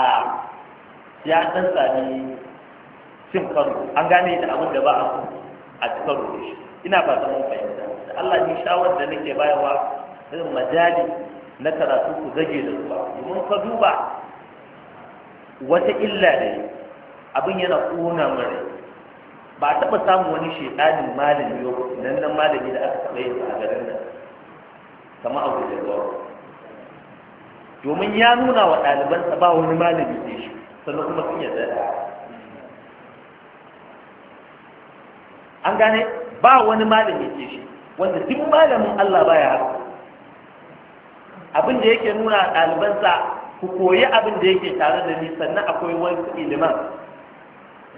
Speaker 4: ya dan sami cin karo an gane da abin da ba a a ci karo da shi ina ba zama fahimta da Allah ni shawar da nake bayarwa irin majali na karatu ku zage da ruwa domin ka duba wata illa da abin yana ƙona mara ba a taɓa samun wani shekanin malami yau nan nan malami da aka taɓa yin a garin nan kama abu da ruwa domin ya nuna wa ɗalibansa ba wani malami ne shi sannan kuma sun yarda da an gane ba wani malami ke shi wanda duk malamin Allah baya haka abin da yake nuna ɗalibansa ku koyi abin da yake tare da ni sannan akwai wasu iliman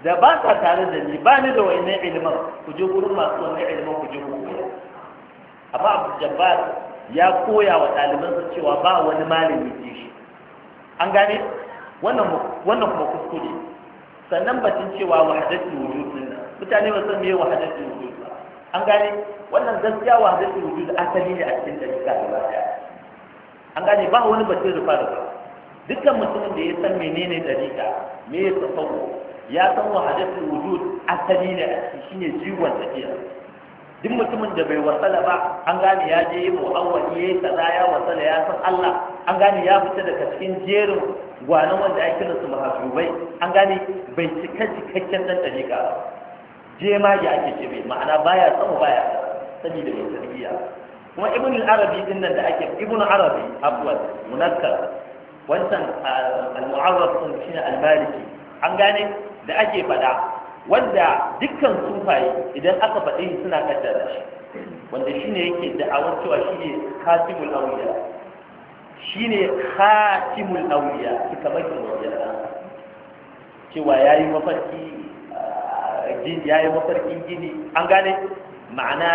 Speaker 4: da ba sa tare da ni ba ni da wani iliman ku je gurin masu wani iliman ku je ku koya amma abu jabbar ya koya wa ɗalibansa cewa ba wani malami ke shi an gane wannan kuma kuskure sannan batun cewa wahadatul wujud mutane ba san meye wahadatul wujud ba an gane wannan gaskiya wahadatul wujud asali ne a cikin dalika gaba daya an gane ba wani da fara ba dukkan mutumin da ya san menene dalika me ya tafawo ya san wahadatul wujud asali ne a cikin shine jiwon tafiya duk mutumin da bai wasala ba an gane ya je mu awwali yi kaza ya wasala ya san Allah an gane ya fita daga cikin jerin gwanon wanda ake kira su mahasubai an gane bai cika cikakken dan dalika ba jemage ake ce ma'ana baya tsawo baya saboda mai tarbiya. kuma ibn al-arabi din nan da ake ibn arabi afwan munakkar Wannan al-mu'arraf din shine al-maliki an gane da ake fada wanda dukkan sufaye idan aka faɗi suna kaddara shi wanda shine yake da'awar cewa shine khatimul awliya shine khatimul awliya suka makin wajen cewa yayi mafarki ya yi mafarkin gini an gane ma'ana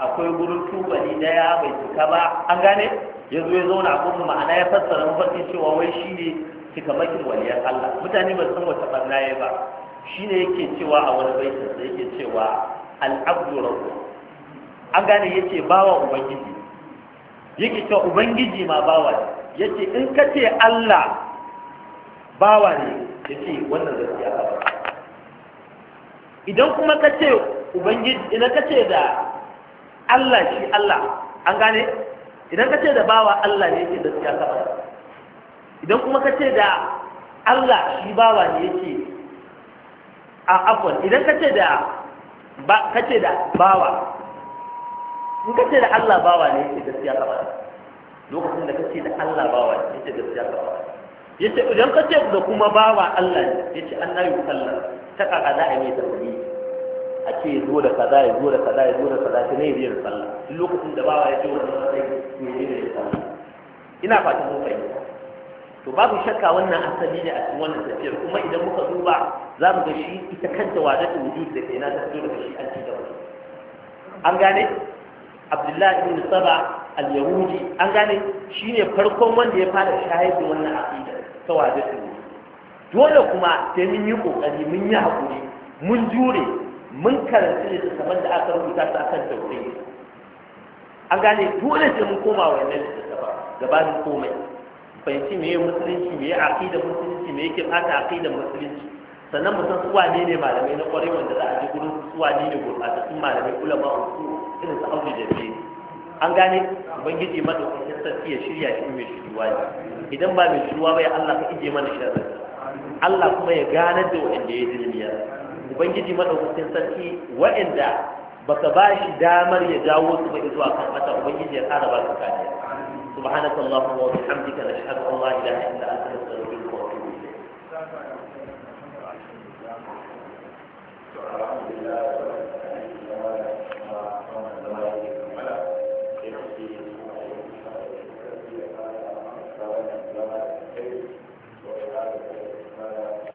Speaker 4: akwai gurin tubali daya bai cika ba an gane ya zo ya zauna a gurin ma'ana ya fassara mafarkin cewa wai shi ne cikamakin waliyar Allah mutane ba san wata barna ya ba shi ne yake cewa a wani baitin sai yake cewa al'abdu rabbu an gane yace bawa ubangiji yake cewa ubangiji ma bawa ne yace in ka ce Allah bawa ne yace wannan gaskiya ba idan kuma ka ce ubangiji idan ka ce da Allah shi Allah an gane idan ka ce da bawa Allah ne yake da ka ba idan kuma ka ce da Allah shi bawa ne yake a afwan idan ka ce da ba ka ce da bawa in ka ce da Allah bawa ne yake da ka ba lokacin da ka ce da Allah bawa ne yake da ka ba yace idan ka ce da kuma bawa Allah ne yace annabi sallallahu alaihi wasallam ta kaka za a yi mai tafi a ce ya zo da kaza ya zo da kaza ya zo da kaza ta ne biyar sallah duk lokacin da bawa ya ce wannan sai ne ne da sallah ina fatan mun fahimta to babu shakka wannan asali ne a cikin wannan tafiyar kuma idan muka duba za mu ga shi ita kanta wadatul wujud da ke na ta fito daga shi an ci da an gane abdullahi ibn saba al-yahudi an gane shine farkon wanda ya fara shahidi wannan aqida ta wadatul dole kuma sai mun yi kokari mun yi haƙuri mun jure mun karanci littattafan da aka rubuta su akan daure. an gane dole sai mun koma wannan littattafan gabanin komai fahimci me musulunci me aqidar musulunci me yake fata aqidar musulunci sannan mu san su ne ne malamai na kwarai wanda za a ji gurin su ne ne gurbatattun malamai ulama uku irin su aure da ne an gane ubangiji madaukakin sarki ya shirya shi mai shiruwa idan ba mai shiruwa ba ya Allah ka ije mana sharri Allah kuma ya gane da wanda ya dilmiya ubangiji madaukakin sarki wa'anda baka ba shi damar ya jawo su ba zuwa kan mata ubangiji ya kara ba su kariya subhanaka allahumma wa bihamdika ashhadu an la ilaha illa anta
Speaker 3: astaghfiruka
Speaker 1: wa atubu ilayk